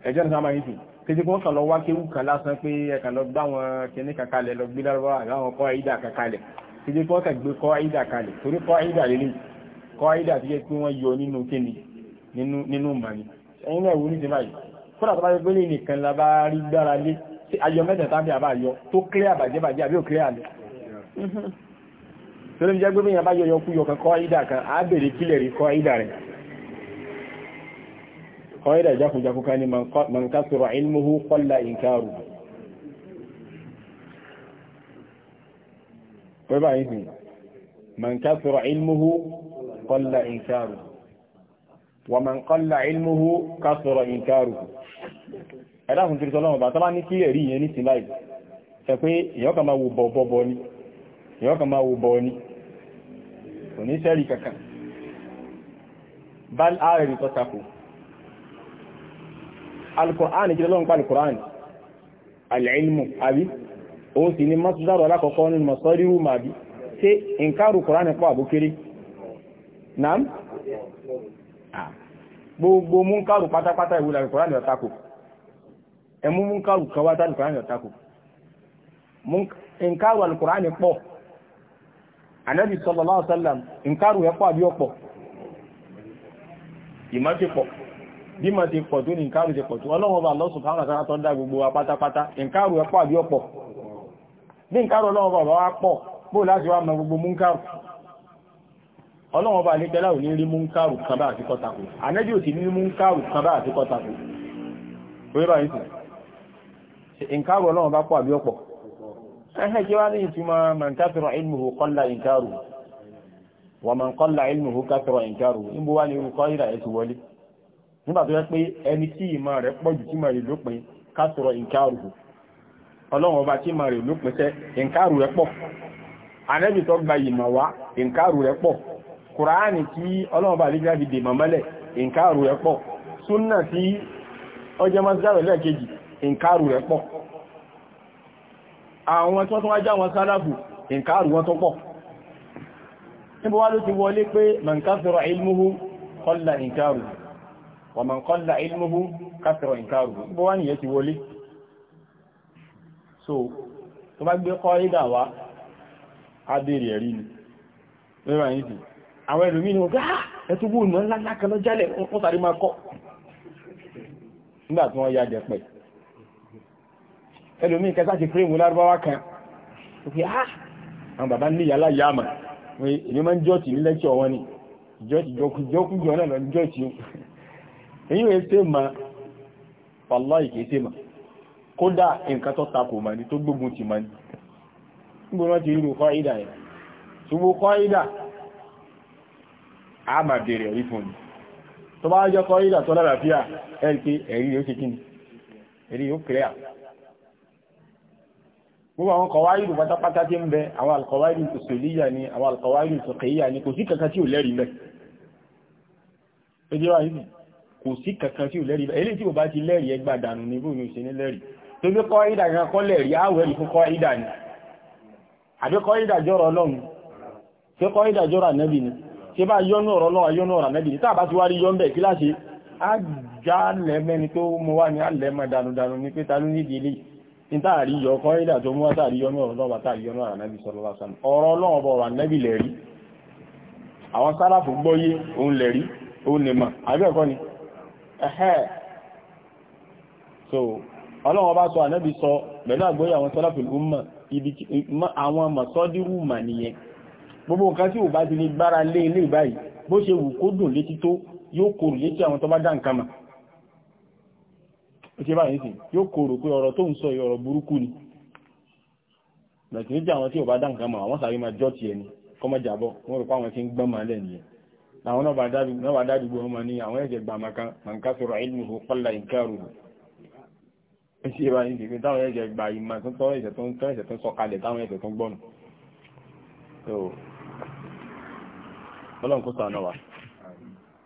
ẹjọ́ nìkan máa ń kéde kí wọ́n kàn lọ wá kéwù kan lásán pé ẹ̀kàn lọ gbá wọn kíní kankalẹ̀ lọ gbé lárúbá àláwọn kọ́ àyídà kankalẹ̀ kéde kí wọ́n kàn gbé kọ́ àyídà kalẹ̀ torí kọ́ àyídà lélẹ̀ kọ́ àyídà ti jẹ́ pé wọ́n yọ nínú kíni nínú màní ẹ̀yin náà wúni ti báyìí fúnra tó bá yẹ pé lè nìkan la bá rí gbára lé tí ayọ mẹ́tẹ̀ẹ̀ta bí àbá yọ tó kílẹ̀ àbàjẹ́bàjẹ́ àbí ò mm-hmm. kílẹ̀ àlẹ́ torí jẹ́ gbé kọ́ídà jákùjákù ká ní man kásùrọ̀ ilmuhu kọ́lá ìkárù pẹ́bà ìsìn man kásùrọ̀ ilmuhu kọ́lá ìkárù wa man kọ́lá ilmuhu kásùrọ̀ ìkárù ẹ̀dàkùn kìrìtọ́ lọ́wọ́ bá tọ́lá ní kí ẹ̀rí yẹn ní sílá ẹ̀ kò alkùránì kí lọ́lọ́run pa alkùránì alìlmù àbí òun sì ni masudaro alákọ̀ọ́kọ́ nínú masọ́ríwù mà bí ṣe nǹkarù kùránì pọ̀ àbúkéré nam gbogbo mú nkàrù pátápátá ìwúlẹ̀ alkùránì ọ̀takò ẹmú mú nkàrù kọwátá alkùránì ọ̀takò nǹkarù alkùránì pọ̀ ànábì sallallahu alaihi wasallam nǹkarù ẹ̀pọ̀ àbí ọ̀pọ̀ ìmọ̀ ti pọ̀ bí ma ti pọ̀ tó ní nǹkan àrùjẹ pọ̀ tó ọlọ́wọ́ bá lọ́sùn fún àwọn àtọ́ dá gbogbo wa pátápátá nǹkan àrù ẹ̀pọ̀ àbí ọ̀pọ̀ bí nǹkan àrù ọlọ́wọ́ bá wá pọ̀ bó láti wá mọ gbogbo múnkàrù ọlọ́wọ́ bá ní tẹ́lá ò ní ìrà ẹ̀sùn nígbà tó yẹ pé ẹni tí ìmọ̀ rẹ̀ pọ̀ jù tí mọ̀ rẹ̀ lópin ká sọ̀rọ̀ ìkárù ọlọ́run ọba tí mọ̀ rẹ̀ lópin tẹ́ ìkárù rẹ̀ pọ̀ anẹ́bì tó gba ìmọ̀ wá ìkárù rẹ̀ pọ̀ kùránì tí ọlọ́run ọba àlejò àti dèmọ̀ mọ́lẹ̀ ìkárù rẹ̀ pọ̀ súnà tí ọjọ́ mọ́sálẹ̀ lẹ́ẹ̀kejì ìkárù rẹ̀ pọ̀ àwọn tó tó wá wa man qalla ilmuhu kasra inkaruhu bó wá nìyẹn ti wọlé so tó bá gbé kọ́ ìdà wá á bèèrè ẹ̀rí ni lórí àyíkì àwọn ẹlòmí ni ọgá ah, ẹtùgbò ìmọ̀ ńlá ńlá kan lọ jálẹ̀ wọ́n sáré máa kọ́ nígbà tí wọ́n ya jẹ̀pẹ̀ ẹlòmí kẹta ti èyí wọ́n ṣe ma ma kódà nǹkan tó takò ma ní tó gbogbo ti ma ní gbogbo ti rú kọ́ ẹ̀ ṣùgbọ́n a ma bèèrè ẹ̀rí fún ni tó bá jẹ́ kọ́ tó lálàáfíà ẹ̀rí eriri ẹ̀rí yóò ṣe kí ẹ̀rí yóò gbogbo àwọn kọwàáìlú pátápátá tí ń bẹ àwọn alkọwàáìlú ni kò sí kankan tí ò lẹ́rìí eléyìí tí ò bá ti lẹ́rìí ẹgbà dànù ní bóyá ò ṣe ní lẹ́rìí tó bí kọ́ ìdà kan kọ́ lẹ́rìí àwẹ̀ ní fún kọ́ ìdà ni àbí kọ́ ìdà jọ́rọ̀ ọlọ́run ṣé kọ́ ìdà jọ́rọ̀ ànẹ́bì ni ṣé bá yọ́nú ọ̀rọ̀ náà yọ́nú ọ̀rọ̀ ànẹ́bì ni táàbá ti wá rí yọ́nbẹ̀ kí láṣe ájá lẹ́mẹ́ni tó mú wá ní alẹ́mọ̀ dànùdànù ní pé ta ló ní ìdílé ní táàrí yọ kọ́ ìdà tó mú gbọ́yé òun lẹ̀rí òun lè mọ̀ àbí ẹ̀kọ́ ni ẹ̀hẹ́ so ọlọ́wọ́ bá sọ a sọ pẹ̀lú àgbóyà àwọn sọ́láfìlú àwọn mọ̀sọ́dírù mà nìyẹn gbogbo nǹkan tí ò bá ti lè gbára lé ilé ìbáyìí bó ṣe wù kó dùn létí tó yóò kòrò létí àwọn tó bá dá nǹkan mà ó ṣe báyìí sí yóò kòrò pé ọ̀rọ̀ tó ń sọ ọ̀rọ̀ burúkú ni bẹ̀sì níjà àwọn tí ò bá dá nǹkan mà àwọn sàrí máa jọ́ tiẹ̀ làwọn náà bá dádùgbò ọmọ ní àwọn ẹ̀jẹ̀ gbà màkà sọ̀rọ̀ ilmuhu qalla inkaruhu ṣe bá yìí dìgbì táwọn ẹ̀jẹ̀ gbà ìmọ̀ tó tọ́ ẹ̀jẹ̀ tó ń tọ́ ẹ̀jẹ̀ tó ń sọ kalẹ̀ táwọn ẹ̀jẹ̀ tó ń gbọ́nù ọlọ́run kó sànà wà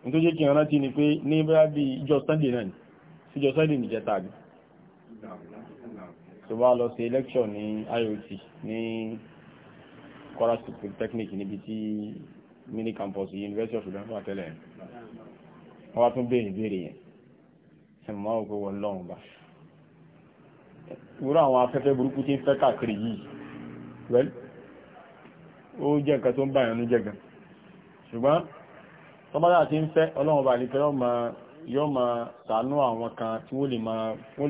ní tó jẹ́ kí ọ̀nà tí ni pé ní bá bí ìjọ sunday náà ni síjọ sunday ní jẹta bí tó bá lọ sí election ní IOT ní Kwara State Polytechnic níbi tí mini campus university of sudan wà tẹ́lẹ̀ wọ́n wá tún béèrè béèrè yẹn sẹ̀mọ́ máa wò pé wọ́n lọ́hùn bá wúrọ̀ àwọn afẹ́fẹ́ burúkú tí ń fẹ́ káàkiri yìí well ó jẹ́ nǹkan tó ń bá ìrànú jẹ́ gan ṣùgbọ́n tọ́bádà tí ń fẹ́ ọlọ́run bá nìkan yọ́ ma sàánú àwọn kan tí wọ́n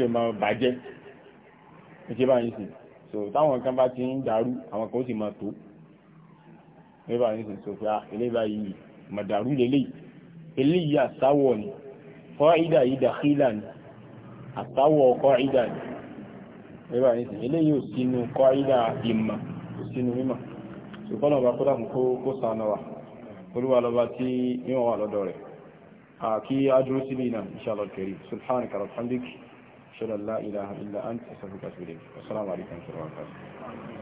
lè ma bàjẹ́ ìṣẹ́bà yìí sí so táwọn kan bá ti ń dàrú àwọn kan ó sì ma tó nígbà ní sọ sọ pé a ah, eléyà yìí màdàrú lélẹ̀ eléyìí àsáwọ̀ ni kọ́ ìdà yìí dàkílà ni àsáwọ̀ kọ́ ìdà ni nígbà ní sọ eléyìí ò sínú kọ́ ìdà ìmà ò sínú mímà ṣùgbọ́n ọba kó dàkún kó sànà wa olúwa lọba tí mímọ̀ wà lọ́dọ̀ rẹ̀ àkí adúró síbí náà inshallah